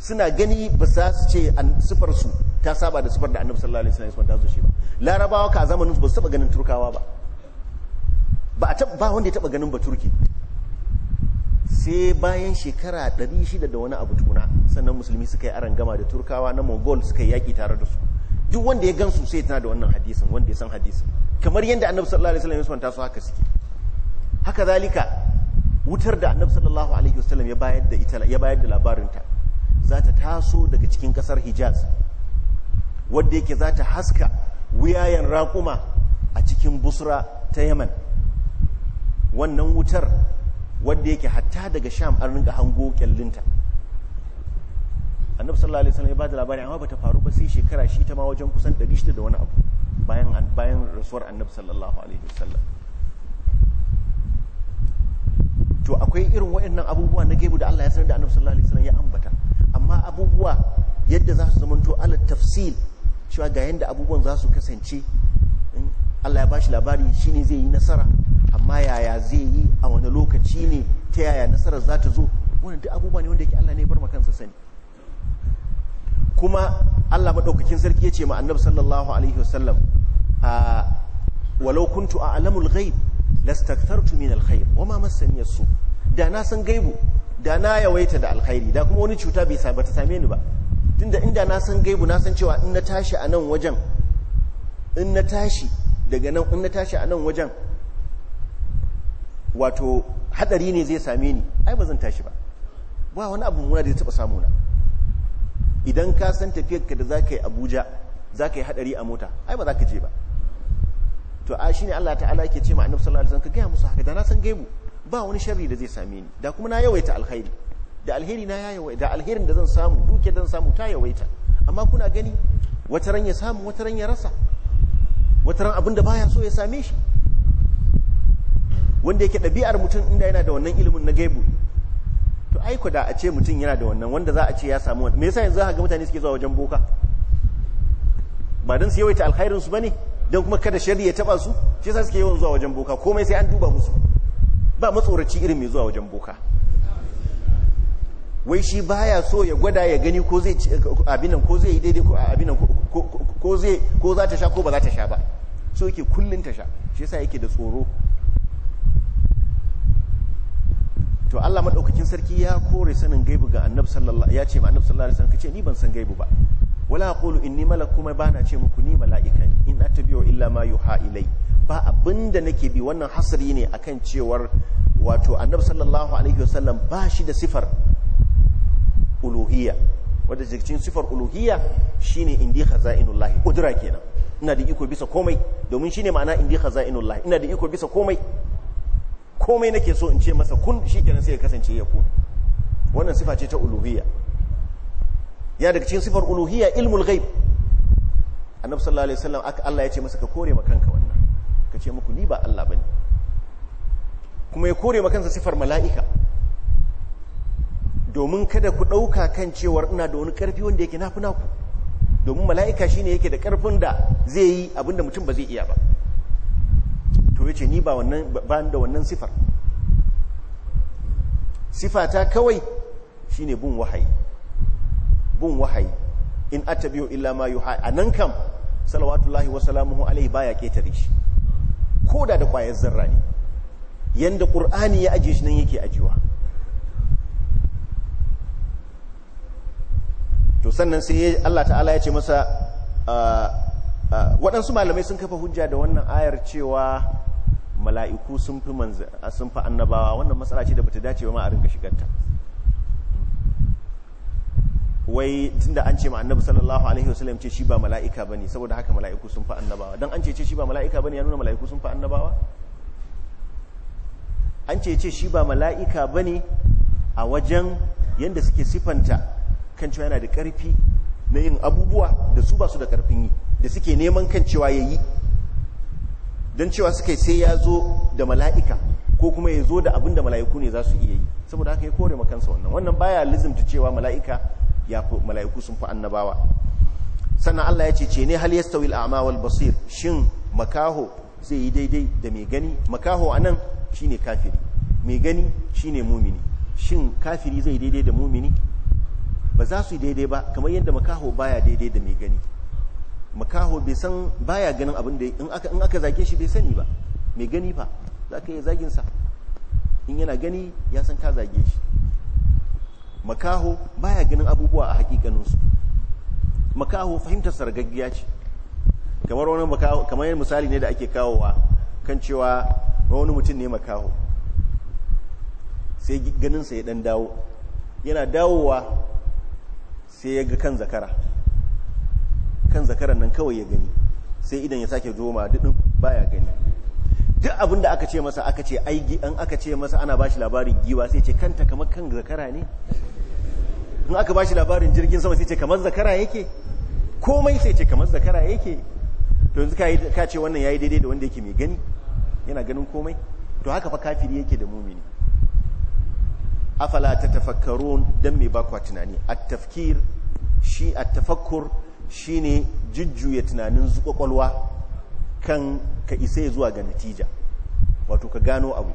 suna gani ba za su ce sufarsu ta saba da sufar da annabi sallallahu alaihi wasallam ta zo shi ba larabawa ka zamanin ba su taɓa ganin turkawa ba ba wanda ya taɓa ganin ba turki sai bayan shekara 600 da wani abu tukuna sannan musulmi suka yi aran gama da turkawa na mongol suka yi yaƙi tare da su duk wanda ya gansu sai tana da wannan hadisin wanda ya san hadisin kamar yadda annabi sallallahu alaihi wasallam ya su haka suke haka zalika wutar da annabi sallallahu alaihi ya bayar da ita ya bayar labarinta za ta taso daga cikin kasar hijaz wanda yake za ta haska wuyayen raƙuma a cikin busra ta yaman wannan wutar wadda yake hatta daga sham an rinka hango kyallinta annabi sallallahu alaihi wasallam ya bada labari amma bata faru ba sai shekara shi ta ma wajen kusan 600 da wani abu bayan bayan rasuwar annabi sallallahu alaihi wasallam to akwai irin waɗannan abubuwa na gaibu da Allah ya sanar da annabi sallallahu alaihi wasallam ya ambata amma abubuwa yadda za su zamanto ala tafsil cewa ga yanda abubuwan za su kasance Allah ya bashi labari shine zai yi nasara amma yaya zai yi a wani lokaci ne ta yaya nasarar za ta zo wani duk abubuwa ne wanda yake Allah ne bar makansa sani kuma Allah maɗaukakin sarki ya ce ma annabi sallallahu alaihi wasallam a walau kuntu a'lamul ghaib lastakthartu min alkhair wama massani su da na san gaibu da na yawaita da alkhairi da kuma wani cuta bai saba ta same ni ba tunda inda na san gaibu na san cewa in na tashi a nan wajen in na tashi daga nan in na tashi a nan wajen wato hadari ne zai same ni ai ba zan tashi ba ba wani abu muna da ya taba samuna idan ka san tafiyar da zaka yi abuja zaka yi hadari a mota ai ba za ka je ba to a shine Allah ta'ala yake ce ma annabi sallallahu alaihi wasallam ka gaya musu haka da na san gaibu ba wani sharri da zai same ni da kuma na yawaita alkhairi da alheri na yayi da alherin da zan samu duke dan samu ta yawaita amma kuna gani wata ran ya samu wata ran ya rasa wata ran abinda baya so ya same shi wanda yake ɗabi'ar mutum inda yana da wannan ilimin na gaibu to aiko da a ce mutum yana da wannan wanda za a ce ya samu wani me yasa yanzu za ga mutane suke zuwa wajen boka ba don su yawaita alkhairin ba ne don kuma kada shari ya taba su shi sa suke yawan zuwa wajen boka komai sai an duba musu ba matsoraci irin mai zuwa wajen boka wai shi baya so ya gwada ya gani ko zai abinan ko zai yi daidai ko abinan ko zai ko za ta sha ko ba za ta sha ba so yake kullun ta sha shi yasa yake da tsoro to Allah madaukakin sarki ya kore sanin gaibu ga annabi sallallahu ya ce ma annabi sallallahu alaihi wasallam kace ni ban san gaibu ba wala aqulu inni malak kuma ba na ce muku ni mala'ika ne in atabiu illa ma yuha ilai ba abinda nake bi wannan hasri ne akan cewar wato annabi sallallahu alaihi wasallam ba shi da sifar uluhiyya wanda jikin sifar uluhiyya shine indi khaza'inullahi kudura kenan ina da iko bisa komai domin shine ma'ana indi khaza'inullahi ina da iko bisa komai komai nake so in ce masa kun shi kenan sai ya kasance ya kun wannan sifa ce ta uluhiyya ya daga cikin sifar uluhiyya ilmul ghaib annabi sallallahu alaihi wasallam aka Allah ya ce masa ka kore maka kanka wannan ka ce muku ni ba Allah bane kuma ya kore maka kansa sifar mala'ika domin kada ku dauka kan cewar ina da wani karfi wanda yake nafi naku domin mala'ika shine yake da karfin da zai yi abinda mutum ba zai iya ba to yace ni ba wannan ba da wannan sifar sifata kawai shine bin wahayi bin wahayi in attabi'u illa ma yuha anan kam salawatullahi wa salamuhu baya ketare shi koda da kwayar zarra ne yanda qur'ani ya aje shi nan yake ajiwa to sannan sai Allah ta'ala ya ce masa ah, ah, waɗansu malamai sun kafa hujja da wannan ayar cewa mala'iku sun fi sun fi annabawa wannan matsala ce da bata dace ba ma a rinka shigarta wai tunda an ce ma annabi sallallahu alaihi wasallam ce shi ba mala'ika ba ne saboda haka mala'iku sun fi annabawa don an ce ce shi ba mala'ika ba ne ya nuna mala'iku sun fi annabawa an ce ce shi ba mala'ika ba ne a wajen yadda suke sifanta kan cewa yana da ƙarfi na yin abubuwa da su ba su da ƙarfin yi da suke neman kan cewa ya yi. don cewa suka sai ya zo da mala'ika ko kuma ya zo da abin da mala'iku ne za su iya yi saboda haka ya kore makansa wannan wannan baya lizimta cewa mala'ika ya fi mala'iku sun fi annabawa sannan Allah ya ce ce ne hal yastawi al'ama wal basir shin makaho zai yi daidai da mai gani makaho anan shine kafiri mai gani shine mumini shin kafiri zai daidai da mumini ba za su yi daidai ba kamar yadda makaho baya daidai da mai gani makaho bai san baya ganin abin da in aka zage shi bai sani ba mai gani fa za ka iya zaginsa in yana gani ya san ka zage shi makaho baya ganin abubuwa a hakikaninsu makaho fahimtar sargaggiya ce kamar wani makaho kamar yin misali ne da ake kawowa kan cewa wani mutum ne makaho sai ganinsa ya dan dawo yana dawowa sai ya ga kan zakara kan zakaran nan kawai ya gani sai idan ya sake zoma dudin baya gani duk abin da aka ce masa aka ce aigi an aka ce masa ana bashi labarin giwa sai ce kanta kamar kan zakara ne in aka bashi labarin jirgin sama sai ce kamar zakara yake komai sai ce kamar zakara yake to yanzu ka ce wannan yayi daidai da wanda yake mai gani yana ganin komai to haka fa kafiri yake da mumini afala tatafakkarun dan me ba tunani at-tafkir shi at-tafakkur Shi shine jujjuya tunanin kwakwalwa kan ka isa zuwa ga natija wato ka gano abu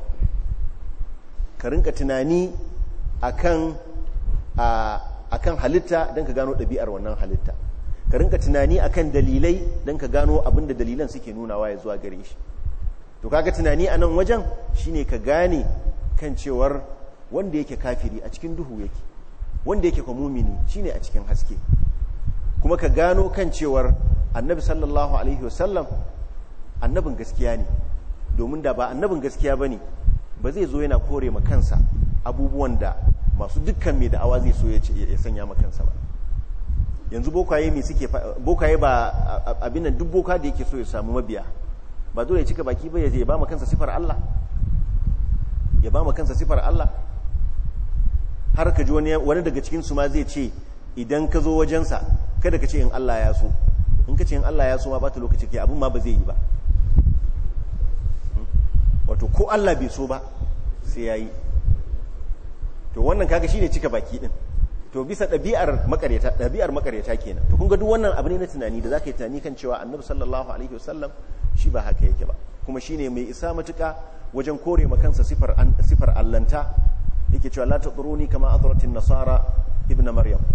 ka rinka tunani akan kan halitta don ka gano ɗabi'ar wannan halitta ka rinka tunani akan dalilai don ka gano abinda dalilan suke nunawa ya zuwa gare shi to kaga tunani a nan wajen shi ne ka gane kan cewar wanda yake kafiri a cikin duhu yake wanda yake kwamumini ne a cikin haske kuma ka gano kan cewar annabi sallallahu alaihi wasallam annabin gaskiya ne domin da ba annabin gaskiya ba ne ba zai zo yana kore ma kansa abubuwan da masu dukkan mai da'awa zai so ya sanya ma kansa ba yanzu bokaye mai suke bokaye ba abin nan duk boka da yake so ya samu mabiya ba dole ya cika baki ba ya je ya ba ma kansa sifar Allah ya ba ma kansa sifar Allah har ka ji wani daga cikin su ma zai ce idan ka zo wajensa kada ka ce in Allah ya so in ka ce in Allah ya so ma bata lokaci ke abin ma ba zai yi ba
hmm?
wato ko Allah bai so ba sai ya yi to wannan kaga ne cika baki din to bisa ɗabi'ar makareta ɗabi'ar makareta kenan to kun ga duk wannan abu ne na tunani da zaka yi tunani kan cewa annabi sallallahu alaihi wasallam shi ba haka yake ba kuma shi ne mai isa matuka wajen kore kansa sifar sifar allanta yake cewa la tadruni kama azratin nasara ibn maryam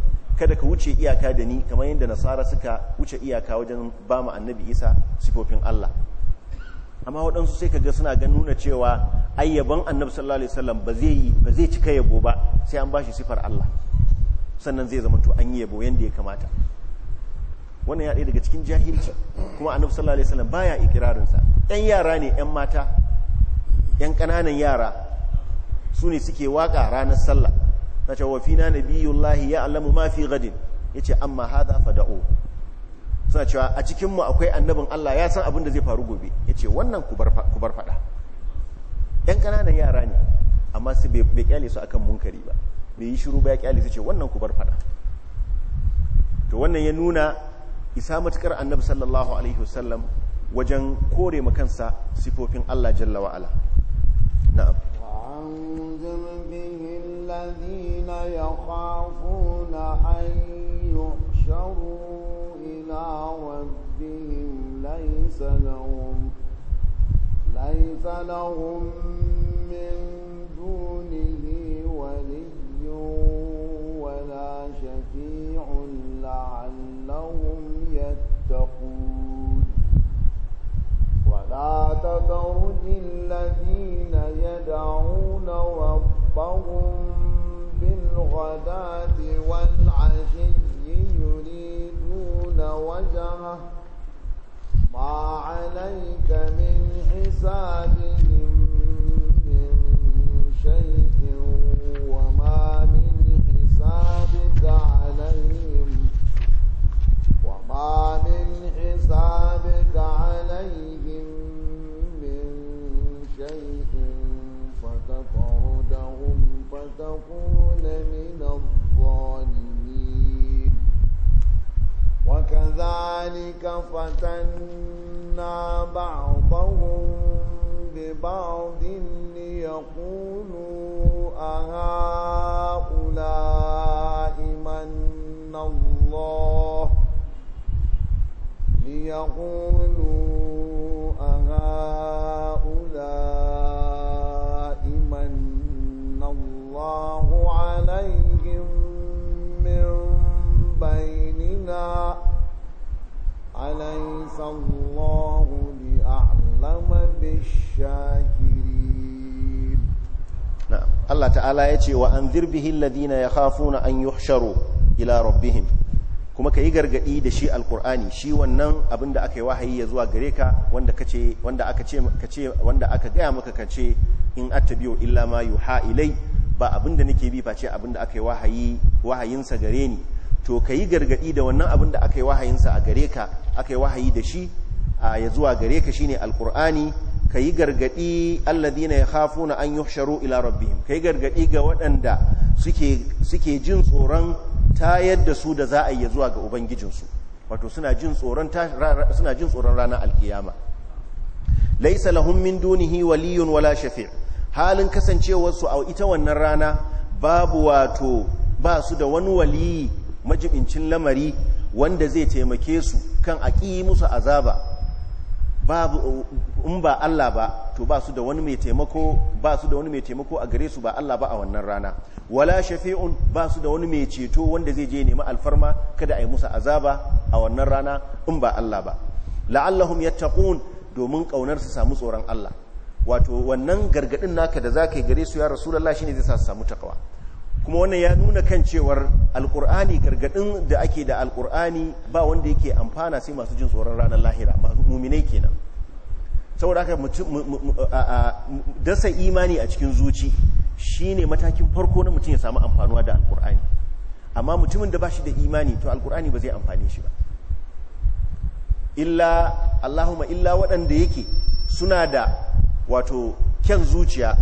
kada ka wuce iyaka da ni kamar yadda nasara suka wuce iyaka wajen ba mu annabi isa sifofin allah amma waɗansu sai kaga suna gan nuna cewa ayyaban annabi sallallahu alaihi wasallam ba zai ba zai cika yabo ba sai an bashi sifar Allah sannan zai zama to an yi yabo yanda ya kamata wannan ya ɗaya daga cikin jahilci kuma annabi sallallahu alaihi wasallam baya ikirarin sa ɗan yara ne ɗan mata ɗan ƙananan yara su ne suke waka ranar sallah ce wa fina nabiyullahi ya'lamu ma fi gadin yace amma haza fadao suna cewa a cikinmu akwai annabin Allah ya san abin da zai faru gobe yace wannan ku bar ku bar fada yan kananan yara ne amma su bai kyale su akan munkari ba bai yi shiru ba ya kyale su ce wannan ku bar fada to wannan ya nuna isa matukar annabi sallallahu alaihi wasallam wajen kore kansa sifofin Allah jalla wa ala
na'am wa'anzil bihi alladhi يخافون أن يحشروا إلى ربهم ليس لهم ليس لهم من دونه ولي ولا شفيع لعلهم يتقون ولا تطرد الذين يدعون ربهم بالغداة والعشي يريدون وجهه ما عليك من حسابهم من شيء وما من حسابك عليهم وما من حسابك عليهم وتكون من الظالمين وكذلك فتنا بعضهم ببعض ليقولوا أهؤلاء من الله ليقولوا أهؤلاء من بيننا أليس الله بأعلم بالشاكرين
نعم الله تعالى يتي وأنذر به الذين يخافون أن يحشروا إلى ربهم kuma ka yi gargaɗi da shi alkur'ani shi wannan abin da aka yi wahayi ya zuwa gare ka wanda aka gaya maka ka ce in attabiyo illa ma yuha ilai ba abin da nake bi face abin da aka yi wahayinsa gare ni to ka yi gargaɗi da wannan abin da aka yi wahayinsa a gare ka aka yi wahayi da shi a ya zuwa gare ka shine alkur'ani ka yi ya hafu na an sharo ila rabbihim ka yi gargaɗi ga waɗanda suke jin tsoron tayar da su da za a yi zuwa ga ubangijinsu wato suna jin tsoron ranar alkiyama laisa min dunihi waliyun wala shafi' halin kasancewarsu a ita wannan rana babu wato ba su da wani wali majibincin lamari wanda zai taimake su kan a ƙi musu azaba babu in ba Allah ba to ba su da wani mai taimako ba su da wani mai taimako a gare su ba Allah ba a wannan rana wala shafi'un ba su da wani mai ceto wanda zai je nemi alfarma kada a yi musu azaba a wannan rana in ba Allah ba la'allahum yattaqun domin kaunar su samu tsoron Allah wato wannan gargadin naka da zaka yi gare su ya rasu shi shine zai sa su samu takawa kuma wannan ya nuna kan cewar alkur'ani gargadin da ake da alkur'ani ba wanda yake amfana sai masu jin tsoron ranar lahira masu muminai kenan saboda aka dasa imani a cikin zuci shine matakin farko na mutum ya samu amfanuwa da alkur'ani amma mutumin da ba shi da imani to alkur'ani ba zai amfane shi ba illa allahumma illa waɗanda yake suna da wato kyan zuciya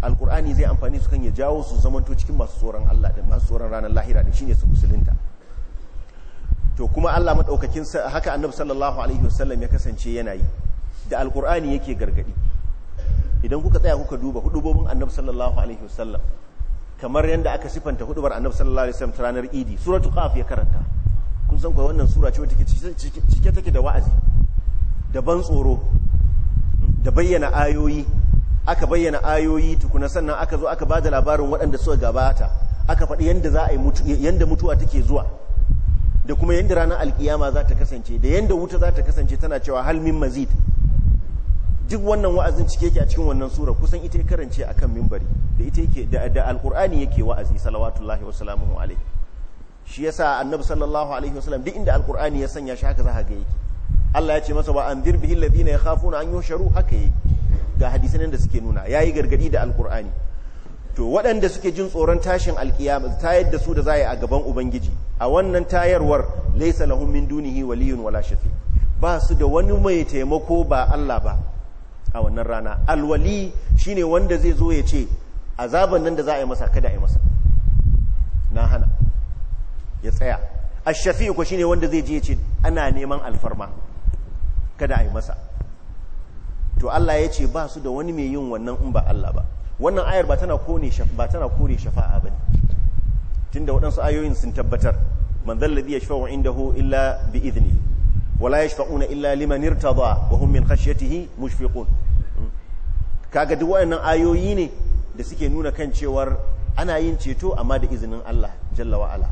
alkur'ani zai amfani su kan ya jawo su zamanto cikin masu tsoron Allah da masu tsoron ranar lahira shi shine su musulunta to kuma Allah madaukakin haka annabi sallallahu alaihi wasallam ya kasance yana yi da alkur'ani yake gargadi idan kuka tsaya kuka duba hudubobin annabi sallallahu alaihi wasallam kamar yanda aka sifanta hudubar annabi sallallahu alaihi wasallam ranar idi suratu qaf ya karanta kun san wannan sura ce wacce take cike take da wa'azi da ban tsoro da bayyana ayoyi aka bayyana ayoyi tukuna sannan aka zo aka bada labarin waɗanda suka gabata aka faɗi yadda za a yi yadda mutuwa take zuwa da kuma yadda ranar alkiyama za ta kasance da yadda wuta za ta kasance tana cewa halmin mazid duk wannan wa'azin cike yake a cikin wannan sura kusan ita ya karance a kan mimbari da ita yake da, da alkur'ani yake wa'azi salawatullahi wa salamuhu alaihi shi yasa annabi sallallahu alaihi wasallam duk inda alkur'ani ya sanya shi haka za a ga yake Allah ya ce masa wa anzir bihi alladhina yakhafuna an yusharu haka yi ga hadisan da suke nuna ya yi gargadi da alqur'ani to waɗanda suke jin tsoron tashin alkiyama ta yadda su da zai a gaban ubangiji a wannan tayarwar laysa lahum min dunihi waliyun wala shafi ba su da wani mai taimako ba Allah ba a wannan rana alwali shine wanda zai zo ya ce azaban nan da za a yi masa kada a yi masa na hana ya tsaya ash-shafi'u ko shine wanda zai je ce ana neman alfarma kada a yi masa to Allah ya ce ba su da wani mai yin wannan in ba Allah ba wannan ayar ba tana kone ba tana kore shafa'a bane tunda waɗansu ayoyin sun tabbatar man zalladhi yashfa'u indahu illa bi idni wala yashfa'una illa liman irtada wa hum min khashyatihi mushfiqun kaga duk wannan ayoyi ne da suke nuna kan cewar ana yin ceto amma da izinin Allah jalla wa ala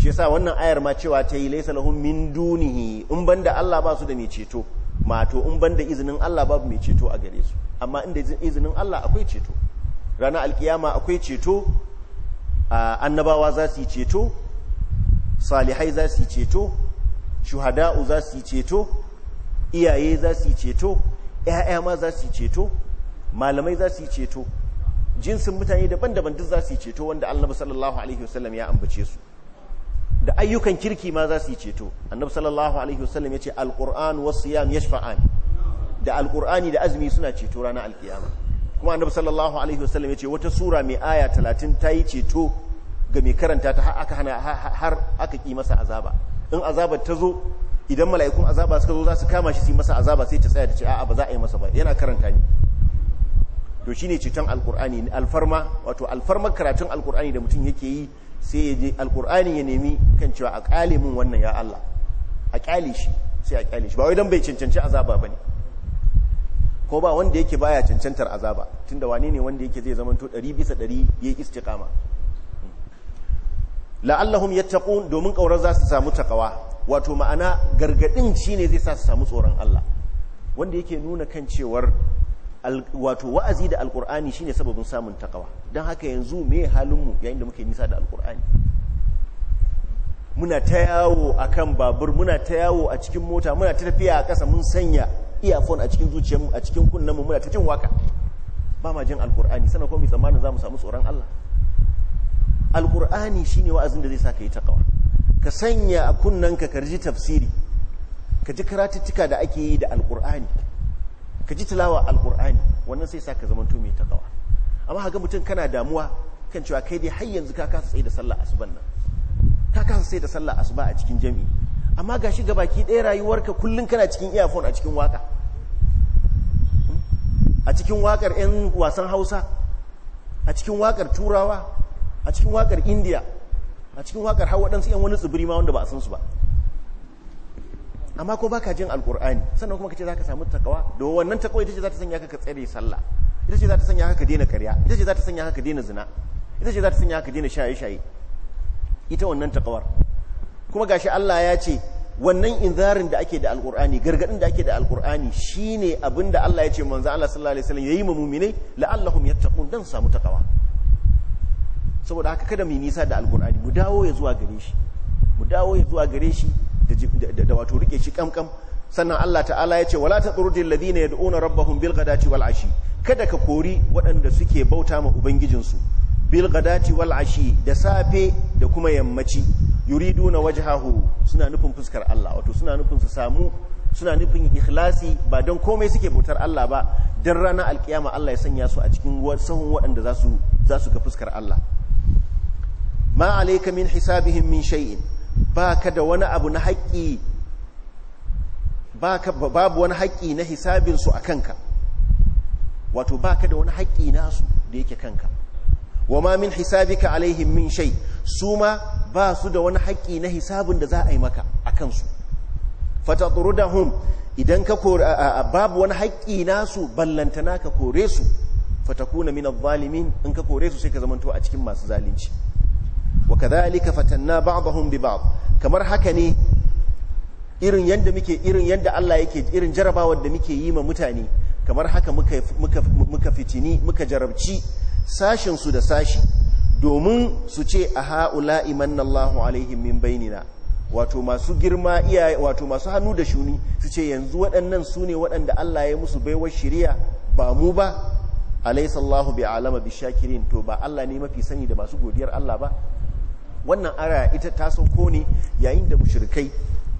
shi yasa wannan ayar ma cewa ta yi laisa lahum min dunihi in ban da Allah ba su da mai ceto mato in ban da izinin Allah babu mai ceto a gare su amma inda izinin Allah akwai ceto ranar alkiyama akwai ceto annabawa za su yi ceto salihai za su yi ceto shuhada'u za su yi ceto iyaye za su yi ceto ‘ya'ya ma za su yi ceto malamai za su yi ceto jinsin mutane daban-daban duk za su yi ceto wanda Allah sallallahu alaihi wasallam ya ambace su da ayyukan kirki ma za su yi ceto annabi sallallahu alaihi wasallam yace alquran was siyam yashfa'an da alqurani da azumi suna ceto ranar alkiyama kuma annabi sallallahu alaihi wasallam yace wata sura mai aya 30 ta yi ceto ga mai karanta ta aka hana har aka ki masa azaba in azaba ta zo idan mala'ikun azaba suka zo za su kama shi su yi masa azaba sai ta tsaya ta ce a'a ba za a yi masa ba yana karanta ni to shine ceton alqurani alfarma wato alfarma karatun alqurani da mutum yake yi sai ya je alkur'ani ya nemi kan cewa a kyale mun wannan ya Allah a kyale shi sai a kyale shi ba wai dan bai cancanci azaba bane ko ba wanda yake baya cancantar azaba tunda wane ne wanda yake zai zamanto 100 bisa 100 yayi istiqama la'allahum yattaqun domin kaurar za su samu takawa wato ma'ana gargadin shine zai sa su samu tsoron Allah wanda yake nuna kan cewar wato wa'azi da alkur'ani shine sababin samun takawa don haka yanzu me halinmu yayin da muke nisa da alkur'ani muna ta yawo a kan babur muna ta yawo a cikin mota muna ta tafiya a ƙasa mun sanya iyafon a cikin zuciyarmu a cikin kunnenmu muna ta jin waka ba ma jin alkur'ani sannan kuma mai tsammanin za mu samu tsoron allah alkur'ani shine wa'azin da zai sa ka yi takawa ka sanya a kunnenka ka ji tafsiri ka ji karatuttuka da ake yi da alkur'ani ka ji tilawa alkur'ani wannan sai sa ka tumi ta kawa amma haka mutum kana damuwa kan cewa kai dai har yanzu ka kasa tsaye da sallah asuban nan ka kasa tsaye da sallah asuba a cikin jami'i amma gashi gabaki ɗaya rayuwarka kullum kana cikin earphone a cikin waka hmm? a cikin wakar 'yan wasan hausa a cikin wakar turawa a cikin wakar indiya a cikin wakar har waɗansu 'yan wani tsibiri ma wanda ba a san su ba amma ko baka jin alkur'ani sannan kuma kace zaka samu takawa da wannan takawa ita ce za ta sanya ka tsare sallah ita ce za ta sanya ka daina karya ita ce za ta sanya ka daina zina ita ce za ta sanya ka daina shaye shaye ita wannan takawar kuma gashi Allah ya ce wannan inzarin da ake da alkur'ani gargadin da ake da alkur'ani shine abinda Allah ya ce manzo Allah sallallahu alaihi wasallam yayi ma mu'minai la'allahum yattaqun dan samu takawa saboda haka kada mu yi nisa da alkur'ani mu dawo ya zuwa gare shi mu dawo ya zuwa gare shi da wato rike shi kamkam sannan Allah ta'ala ya ce wala taqrudil ladina yad'una rabbahum bil ghadati wal ashi kada ka kori waɗanda suke bauta ma ubangijinsu bil ghadati wal ashi da safe da kuma yammaci yuriduna wajhahu suna nufin fuskar Allah wato suna nufin su samu suna nufin ikhlasi ba don komai suke bautar Allah ba dan ranar alkiyama Allah ya sanya su a cikin sahun waɗanda za su za su ga fuskar Allah ma alayka min hisabihim min shay'in baka da wani abu na haƙƙi babu wani haƙƙi na hisabinsu a kanka wato baka da wani haƙƙi nasu da yake kanka wa ma min hisabika alaihim min shai su ma ba su da wani haƙƙi na hisabin da za a yi maka a kansu fatatrudahum idan ka babu wani haƙƙi nasu ballantana ka kore su fatakuna min adh-dhalimin in ka kore su sai ka zamanto a cikin masu zalunci wa kadhalika fatanna ba'dahum bi ba'd kamar haka ne irin yanda muke irin yanda Allah yake irin jarabawar da muke yi ma mutane kamar haka muka muka muka fitini muka jarabci sashin su da sashi domin su ce a ha'ula imannallahu alaihim min bainina wato masu girma wato masu hannu da shuni su ce yanzu waɗannan su ne waɗanda Allah ya musu baiwar shiriya ba mu ba alaisallahu bi alama bi shakirin to ba Allah ne mafi sani da masu godiyar Allah ba wannan araya ita ta sauko ne yayin da mushrikai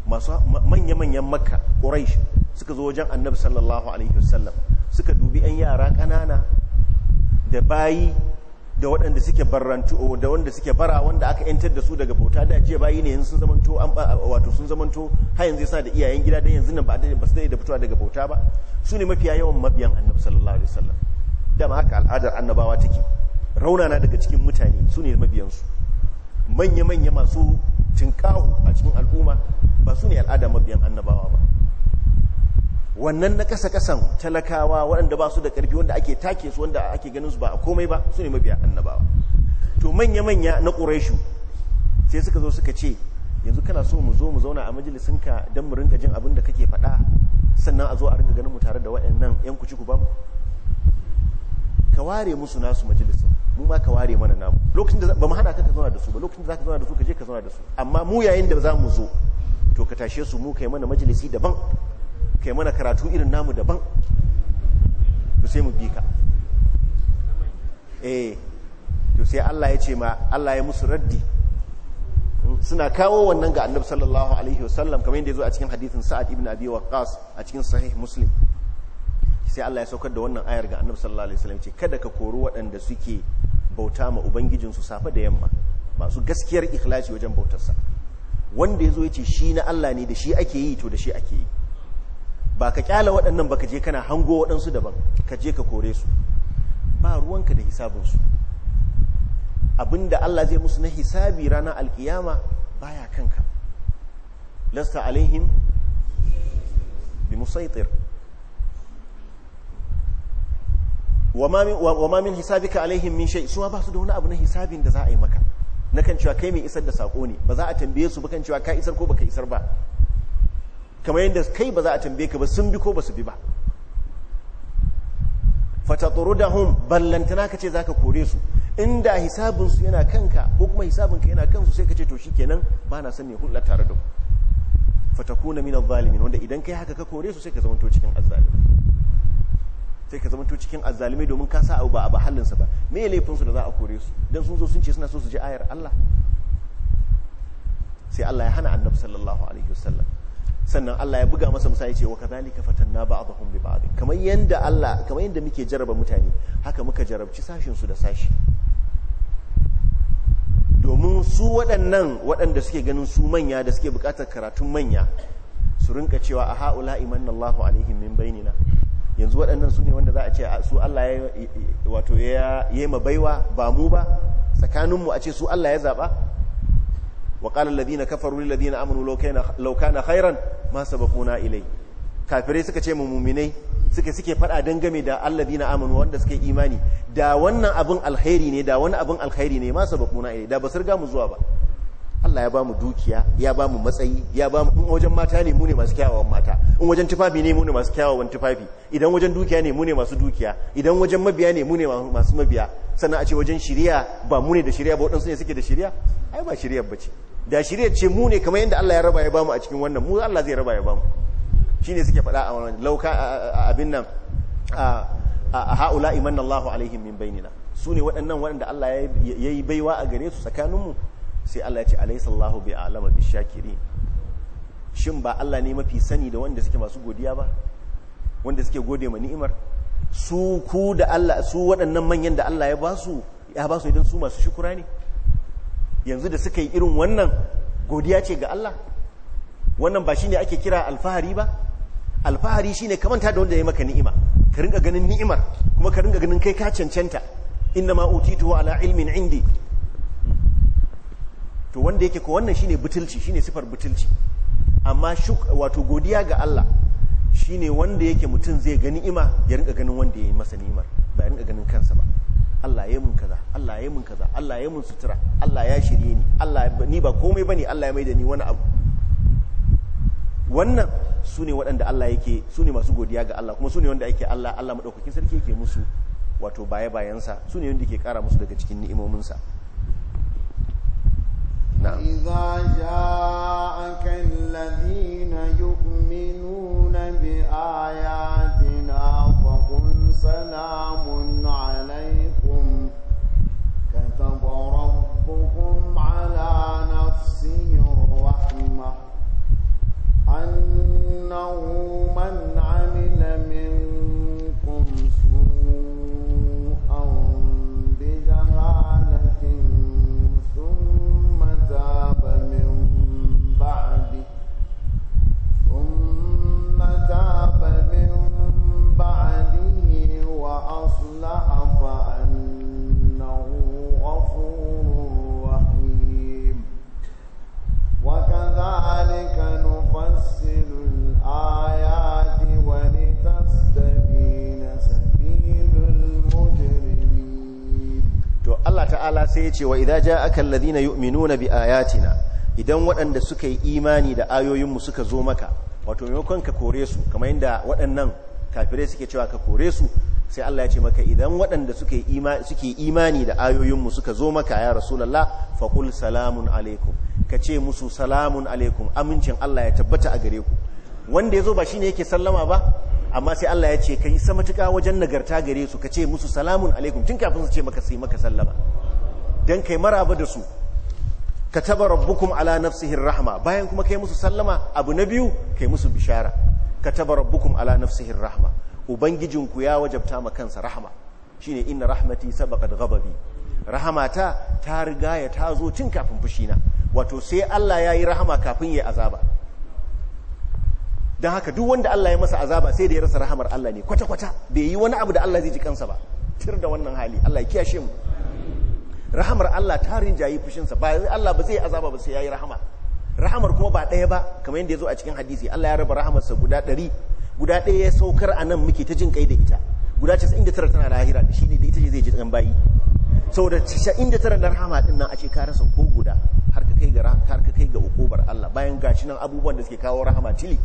masu manya-manyan makka quraish suka zo wajen annabi sallallahu alaihi wasallam suka dubi yan yara ƙanana da bayi da waɗanda suke barrantu da wanda suke bara wanda aka yantar da su daga bauta da ajiye bayi ne yanzu sun zamanto an wato sun zamanto har yanzu yasa da iyayen gida dan yanzu nan ba da basu da fitowa daga bauta ba su ne mafiya yawan mabiyan annabi sallallahu alaihi wasallam dama haka al'adar annabawa take raunana daga cikin mutane su ne mabiyansu manya-manya masu cinkahu a cikin al'umma ba su ne al'ada mabiyan annabawa ba wannan na kasa-kasan talakawa waɗanda ba su da ƙarfi wanda ake take su wanda ake ganin su ba a komai ba su ne mabiya annabawa to manya-manya na ƙureshu sai suka zo suka ce yanzu kana so mu zo mu zauna a ka don mu rinka jin abin da kake faɗa sannan a zo a rinka ganin mu tare da waɗannan 'yan kuci ku mu ka ware musu nasu majalisin mu ma ka ware mana namu lokacin da ba mu hana ka ka zauna da su ba lokacin da za ka zauna da su ka je ka zauna da su amma mu yayin da za mu zo to ka tashe su mu kai mana majalisi daban kai mana karatu irin namu daban to sai mu bi ka eh to sai Allah ya ce ma Allah ya musu raddi hmm, suna kawo wannan ga annabi sallallahu alaihi wasallam kamar yadda ya zo a cikin hadithin sa'ad ibn abi waqqas a cikin sahih muslim sai Allah ya saukar da wannan ayar ga annabi sallallahu alaihi wasallam ce kada ka kori waɗanda suke bauta ma ubangijinsu safe da yamma masu gaskiyar ikhlasi wajen bautar sa wanda ya zo ya shi na Allah ne da shi ake yi to da shi ake yi ba ka kyala waɗannan ba ka je kana hango waɗansu daban ka je ka kore su ba ruwanka da su abinda Allah zai musu na hisabi ranar alkiyama baya kanka lasta alaihim bi musaitir wa ma min hisabika alaihim min shay su ba su da wani abu na hisabin da za a yi maka na kan cewa kai mai isar da sako ne ba za a tambaye su ba kan cewa ka isar ko baka isar ba kamar yadda kai ba za a tambaye ka ba sun bi ko ba su bi ba fataturudahum ballantana kace zaka kore su inda hisabin su yana kanka ko kuma hisabin ka yana kansu sai kace to shikenan ba na san ne hulɗa tare da ku fatakuna adh-dhalimin wanda idan kai haka ka kore su sai ka zama to cikin adh-dhalimin sai ka zama to cikin azalimi domin ka sa abu ba a ba halinsa ba me laifin da za a kore su don sun zo sun ce suna so su ji ayar Allah sai Allah ya hana annabi sallallahu alaihi wasallam sannan Allah ya buga masa musa ya ce wa kadhalika fatanna ba'dahum bi ba'd kamar yanda Allah kamar yanda muke jaraba mutane haka muka jarrabci sashin su da sashi domin su waɗannan waɗanda suke ganin su manya da suke buƙatar karatun manya su rinka cewa a ha'ula imanallahu alaihim min bainina yanzu waɗannan su ne wanda za a ce su Allah ya wato ya yi mabaiwa ba mu ba tsakaninmu a ce su Allah ya zaɓa wa ƙalar ladina kafaru ladina amuru lauka na hairan ma sabakuna ilai kafirai suka ce mummuminai suka suke faɗa dangame da allah dina amanu wanda suke imani da wannan abin alheri ne da wani abin ne ilai da ba su riga mu zuwa ba Allah ya ba mu dukiya ya ba mu matsayi ya ba mu wajen mata ne mu ne masu kyawawan mata in wajen tufafi ne mu ne masu kyawawan tufafi idan wajen dukiya ne mu ne masu dukiya idan wajen mabiya ne mu ne masu mabiya sannan a ce wajen shiriya ba mu ne da shiriya ba waɗansu ne suke da shiriya ai ba shiriyar ba ce da shiriyar ce mu ne kamar yadda Allah ya raba ya bamu a cikin wannan mu Allah zai raba ya bamu shine suke faɗa a wannan lauka abin nan a ha'ula imanna Allahu alaihim min bainina su ne waɗannan waɗanda Allah ya yi baiwa a gare su tsakaninmu sai Allah ya ce alaysa bi a'lama bi shakirin shin ba Allah ne mafi sani da wanda suke masu godiya ba wanda suke gode ma ni'imar su ku da Allah su waɗannan manyan da Allah ya ba su ya ba su idan su masu shukura ne yanzu da suka yi irin wannan godiya ce ga Allah wannan ba shine ake kira alfahari ba alfahari shine manta da wanda ya maka ni'ima ka rinka ganin ni'imar kuma ka rinka ganin kai ka cancanta inna ma utitu ala ilmin indi to wanda yake ko wannan shine butulci shine sifar butulci amma wato godiya ga Allah shine wanda yake mutum zai gani ima ya rinka ganin wanda yayi masa ni'imar ba ya rinka ganin kansa ba Allah ya mun kaza Allah ya mun kaza Allah ya mun sutura Allah ya shirye ni Allah ni ba komai bane Allah ya maida ni wani abu wannan sune waɗanda Allah yake sune masu godiya ga Allah kuma sune wanda yake Allah Allah madaukakin sarki yake musu wato baye bayansa sune wanda yake kara musu daga cikin ni'imominsa
نعم إذا جاءك الذين يؤمنون بآياتنا فقل سلام عليكم كتب ربكم على نفسه الرحمة أنه من عليكم
cewa idza ja'aka alladhina yu'minuna bi ayatina idan waɗanda suka yi imani da ayoyinmu suka zo maka wato maimakon ka kore su kamar yadda waɗannan kafirai suke cewa ka kore su sai Allah ya ce maka idan waɗanda suke imani imani da ayoyinmu suka zo maka ya rasulullah faqul salamun alaikum ka ce musu salamun alaikum amincin Allah ya tabbata a gare ku wanda ya zo ba shine yake sallama ba amma sai Allah ya ce kai sa matuƙa wajen nagarta gare su ka ce musu salamun alaikum tun kafin su ce maka sai maka sallama don kai maraba da su ka taba rabbukum ala nafsihin rahma bayan kuma kai musu sallama abu na biyu kai musu bishara ka taba rabbukum ala nafsihin rahma ubangijinku ya wajabta ma kansa rahma shine inna rahmati sabaqat ghadabi rahamata ta riga ya ta zo cin kafin fushina wato sai Allah ya yi rahama kafin ya azaba don haka duk wanda Allah ya masa azaba sai da ya rasa rahamar Allah ne kwata-kwata bai yi wani abu da Allah zai ji kansa ba tir da wannan hali Allah ya kiyashe mu rahamar Allah ta rinjayi fushinsa ba Allah ba zai azaba ba sai yayi rahama rahamar kuma ba ɗaya ba kamar yadda ya zo a cikin hadisi Allah ya raba sa guda ɗari guda ɗaya ya saukar a nan muke ta jin kai da ita guda 99 tana lahira da shi ne da ita ce zai ji dan bayi saboda 99 na rahama din nan a ce ka rasa ko guda har ka kai ga har ka kai ga ukubar Allah bayan gashi nan abubuwan da suke kawo rahama tili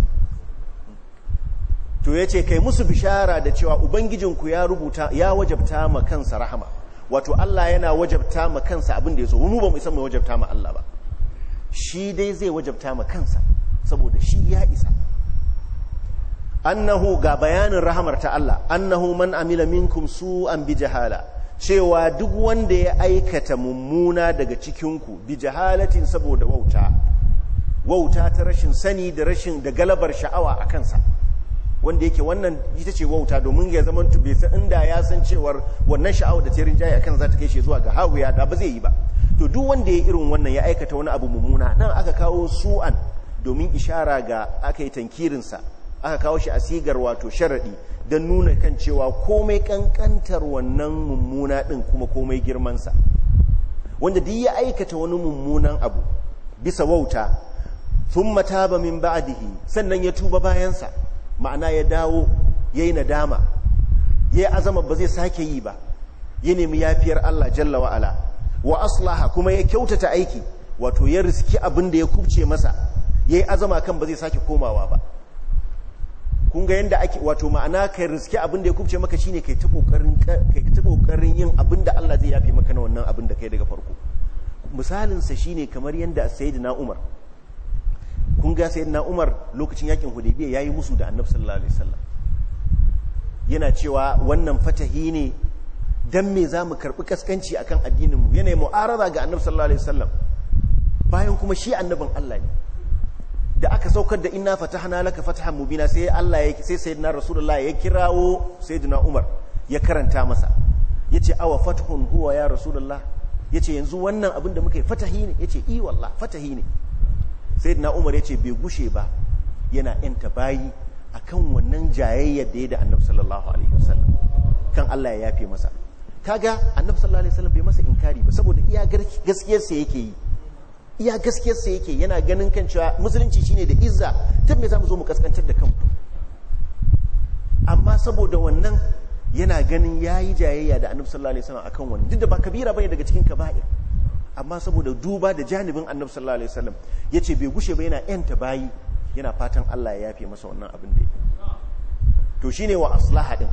to yace kai musu bishara da cewa ubangijinku ya rubuta ya wajabta ma kansa rahama wato Allah yana wajabta ma kansa abin da ya so mu ba mu isa mu wajabta ma Allah ba shi dai zai wajabta ma kansa saboda shi ya isa annahu ga bayanin rahamar ta Allah annahu man amila minkum su'an bi jahala cewa duk wanda ya aikata mummuna daga cikinku bi jahalatin saboda wauta wauta ta rashin sani da rashin da galabar sha'awa a kansa wanda yake wannan ita ce wauta domin ya zama tube sai inda ya san cewar wannan sha'awar da ta rinjaye akan za ta kai shi zuwa ga ya da ba zai yi ba to duk wanda ya irin wannan ya aikata wani abu mummuna nan aka kawo su'an domin ishara ga aka yi sa aka kawo shi a sigar wato sharaɗi don nuna kan cewa komai kankantar wannan mummuna din kuma komai girman sa wanda duk ya aikata wani mummunan abu bisa wauta sun mataba min ba'adihi sannan ya tuba bayansa ma'ana ya dawo ya yi nadama ya yi azama ba zai sake yi ba ya nemi yafiyar Allah jalla wa'ala wa aslaha kuma ya kyautata aiki wato ya riski abin da ya kubce masa ya yi azama kan ba zai sake komawa ba kun ga ake wato ma'ana kai riski abin da ya kubce maka shine kai ta kokarin yin abin da Allah zai yafe maka na wannan abin da kai daga farko misalinsa shine kamar yadda da Umar kun ga na Umar lokacin yakin ya yi musu da Annabi sallallahu alaihi wasallam yana cewa wannan fatahi ne dan me zamu karbi kaskanci akan addinin mu yana mu'arada ga Annabi sallallahu alaihi wasallam bayan kuma shi annabin Allah ne da aka saukar da inna fatahna laka fatahan mubina sai Allah ya sai sayyidina rasulullahi ya kirawo sayyidina Umar ya karanta masa yace awa fathun huwa ya Rasulullah yace yanzu wannan abin da muka yi fatahi ne yace i wallahi fatahi ne sai na umar ya ce bai gushe ba yana yanta bayi a kan wannan jayayyar da ya da annabi sallallahu alaihi wasallam kan Allah ya yafe masa kaga annabi sallallahu alaihi wasallam bai masa inkari ba saboda iya gaskiyar sa yake yi iya gaskiyar yake yana ganin kan cewa musulunci shine da izza tun me zamu zo mu kaskantar da kanmu amma saboda wannan yana ganin yayi jayayya da annabi sallallahu alaihi wasallam akan wannan duk da ba kabira bane daga cikin kaba'ir amma saboda duba da janibin annabi sallallahu alaihi wasallam yace bai gushe ba yana yanta bayi yana fatan Allah ya yafe masa wannan abin da yake to shine wa aslaha din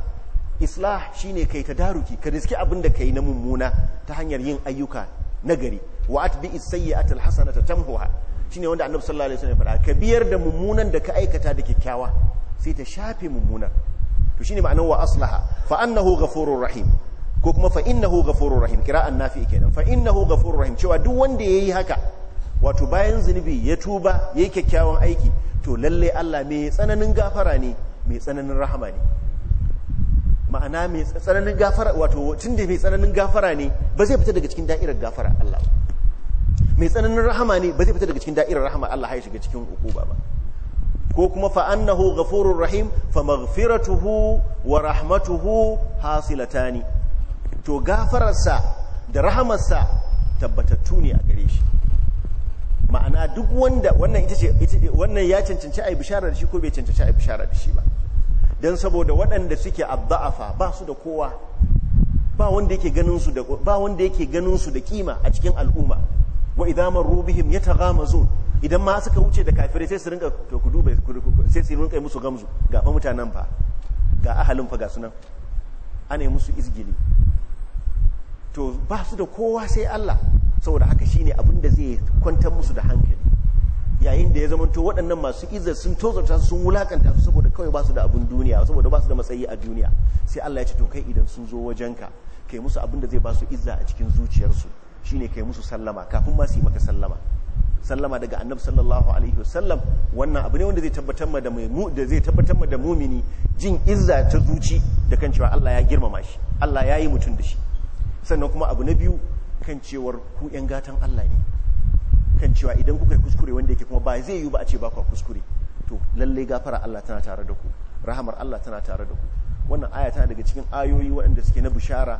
islah shine kai ta daruki ka riski abin da kai na mummuna ta hanyar yin ayyuka nagari wa atbi as-sayyi'ata al-hasanata tamhuha shine wanda annabi sallallahu alaihi wasallam ya faɗa ka biyar da mummunan da ka aikata da kyakkyawa sai ta shafe mummunan to shine ma'anar wa aslaha fa annahu ghafurur rahim ko kuma fa innahu ghafurur rahim qira'an nafi kenan fa innahu ghafurur rahim cewa duk wanda yayi haka wato bayan zunubi ya tuba yayi kyakkyawan aiki to lalle Allah mai tsananin gafara ne mai tsananin rahama ne ma'ana me tsananin gafara wato tunda mai tsananin gafara ne ba zai fita daga cikin da'irar gafara Allah mai tsananin rahama ne ba zai fita daga cikin da'irar rahama Allah ya shiga cikin ukuba ba ko kuma fa annahu ghafurur rahim fa maghfiratuhu wa rahmatuhu hasilatani to gafararsa da rahamarsa tabbatattu ne a gare shi ma'ana duk wanda wannan ita ce wannan ya cancanci a yi bishara da shi ko bai cancanci a yi bishara da shi ba don saboda waɗanda suke abba'afa ba su da kowa ba wanda yake ganin su da ba wanda yake ganin su da kima a cikin al'umma wa idza marru bihim yataghamazun idan ma suka wuce da kafirai sai su rinka to ku duba sai su rinka musu gamzu ga fa mutanen fa ga ahalin fa ga sunan ana musu izgili to ba su da kowa sai Allah saboda haka shine abin da zai kwantar musu da hankali yayin da ya zama to waɗannan masu izar sun tozarta sun wulakanta su saboda kawai ba su da abun duniya saboda ba su da matsayi a duniya sai Allah ya ce to kai idan sun zo wajenka kai musu abin da zai ba su izza a cikin zuciyarsu shine kai musu sallama kafin ma su yi maka sallama sallama daga annabi sallallahu alaihi wasallam wannan abu ne wanda zai tabbatar ma da mu da zai tabbatar ma da mumini jin izza ta zuci da kan cewa Allah ya girmama shi Allah ya yi mutun da shi sannan kuma abu na biyu kan cewar ku yan gatan Allah ne kan cewa idan kuka yi kuskure wanda yake kuma ba zai yi ba a ce ba ku kuskure to lalle gafara Allah tana tare da ku rahamar Allah tana tare da ku wannan aya tana daga cikin ayoyi waɗanda suke na bushara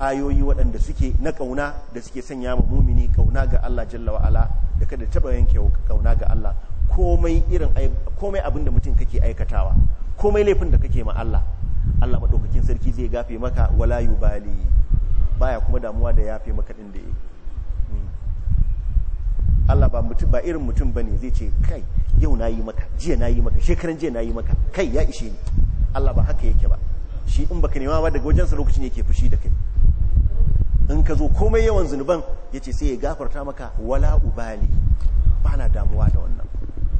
ayoyi waɗanda suke na kauna da suke sanya mu mumini kauna ga Allah jalla wa ala da kada taba yanke kauna ga Allah komai irin komai abin mutum kake aikatawa komai laifin da kake ma Allah Allah madaukakin sarki zai gafe maka wala yubali baya kuma damuwa da yafe maka din da hmm. Allah ba mutum ba irin mutum bane zai ce kai yau nayi maka jiya nayi maka shekaran jiya nayi maka kai ya ishe ni Allah ba haka yake ba shi in baka nema ba daga wajen sa lokacin yake fushi da kai in ka zo komai yawan zunuban yace sai ya gafarta maka wala ubali bana damuwa da wannan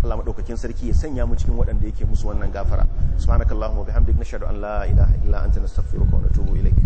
Allah madaukakin sarki ya sanya mu cikin waɗanda yake musu wannan gafara subhanakallahumma bihamdika nashhadu an la ilaha illa anta nastaghfiruka wa natubu ilayk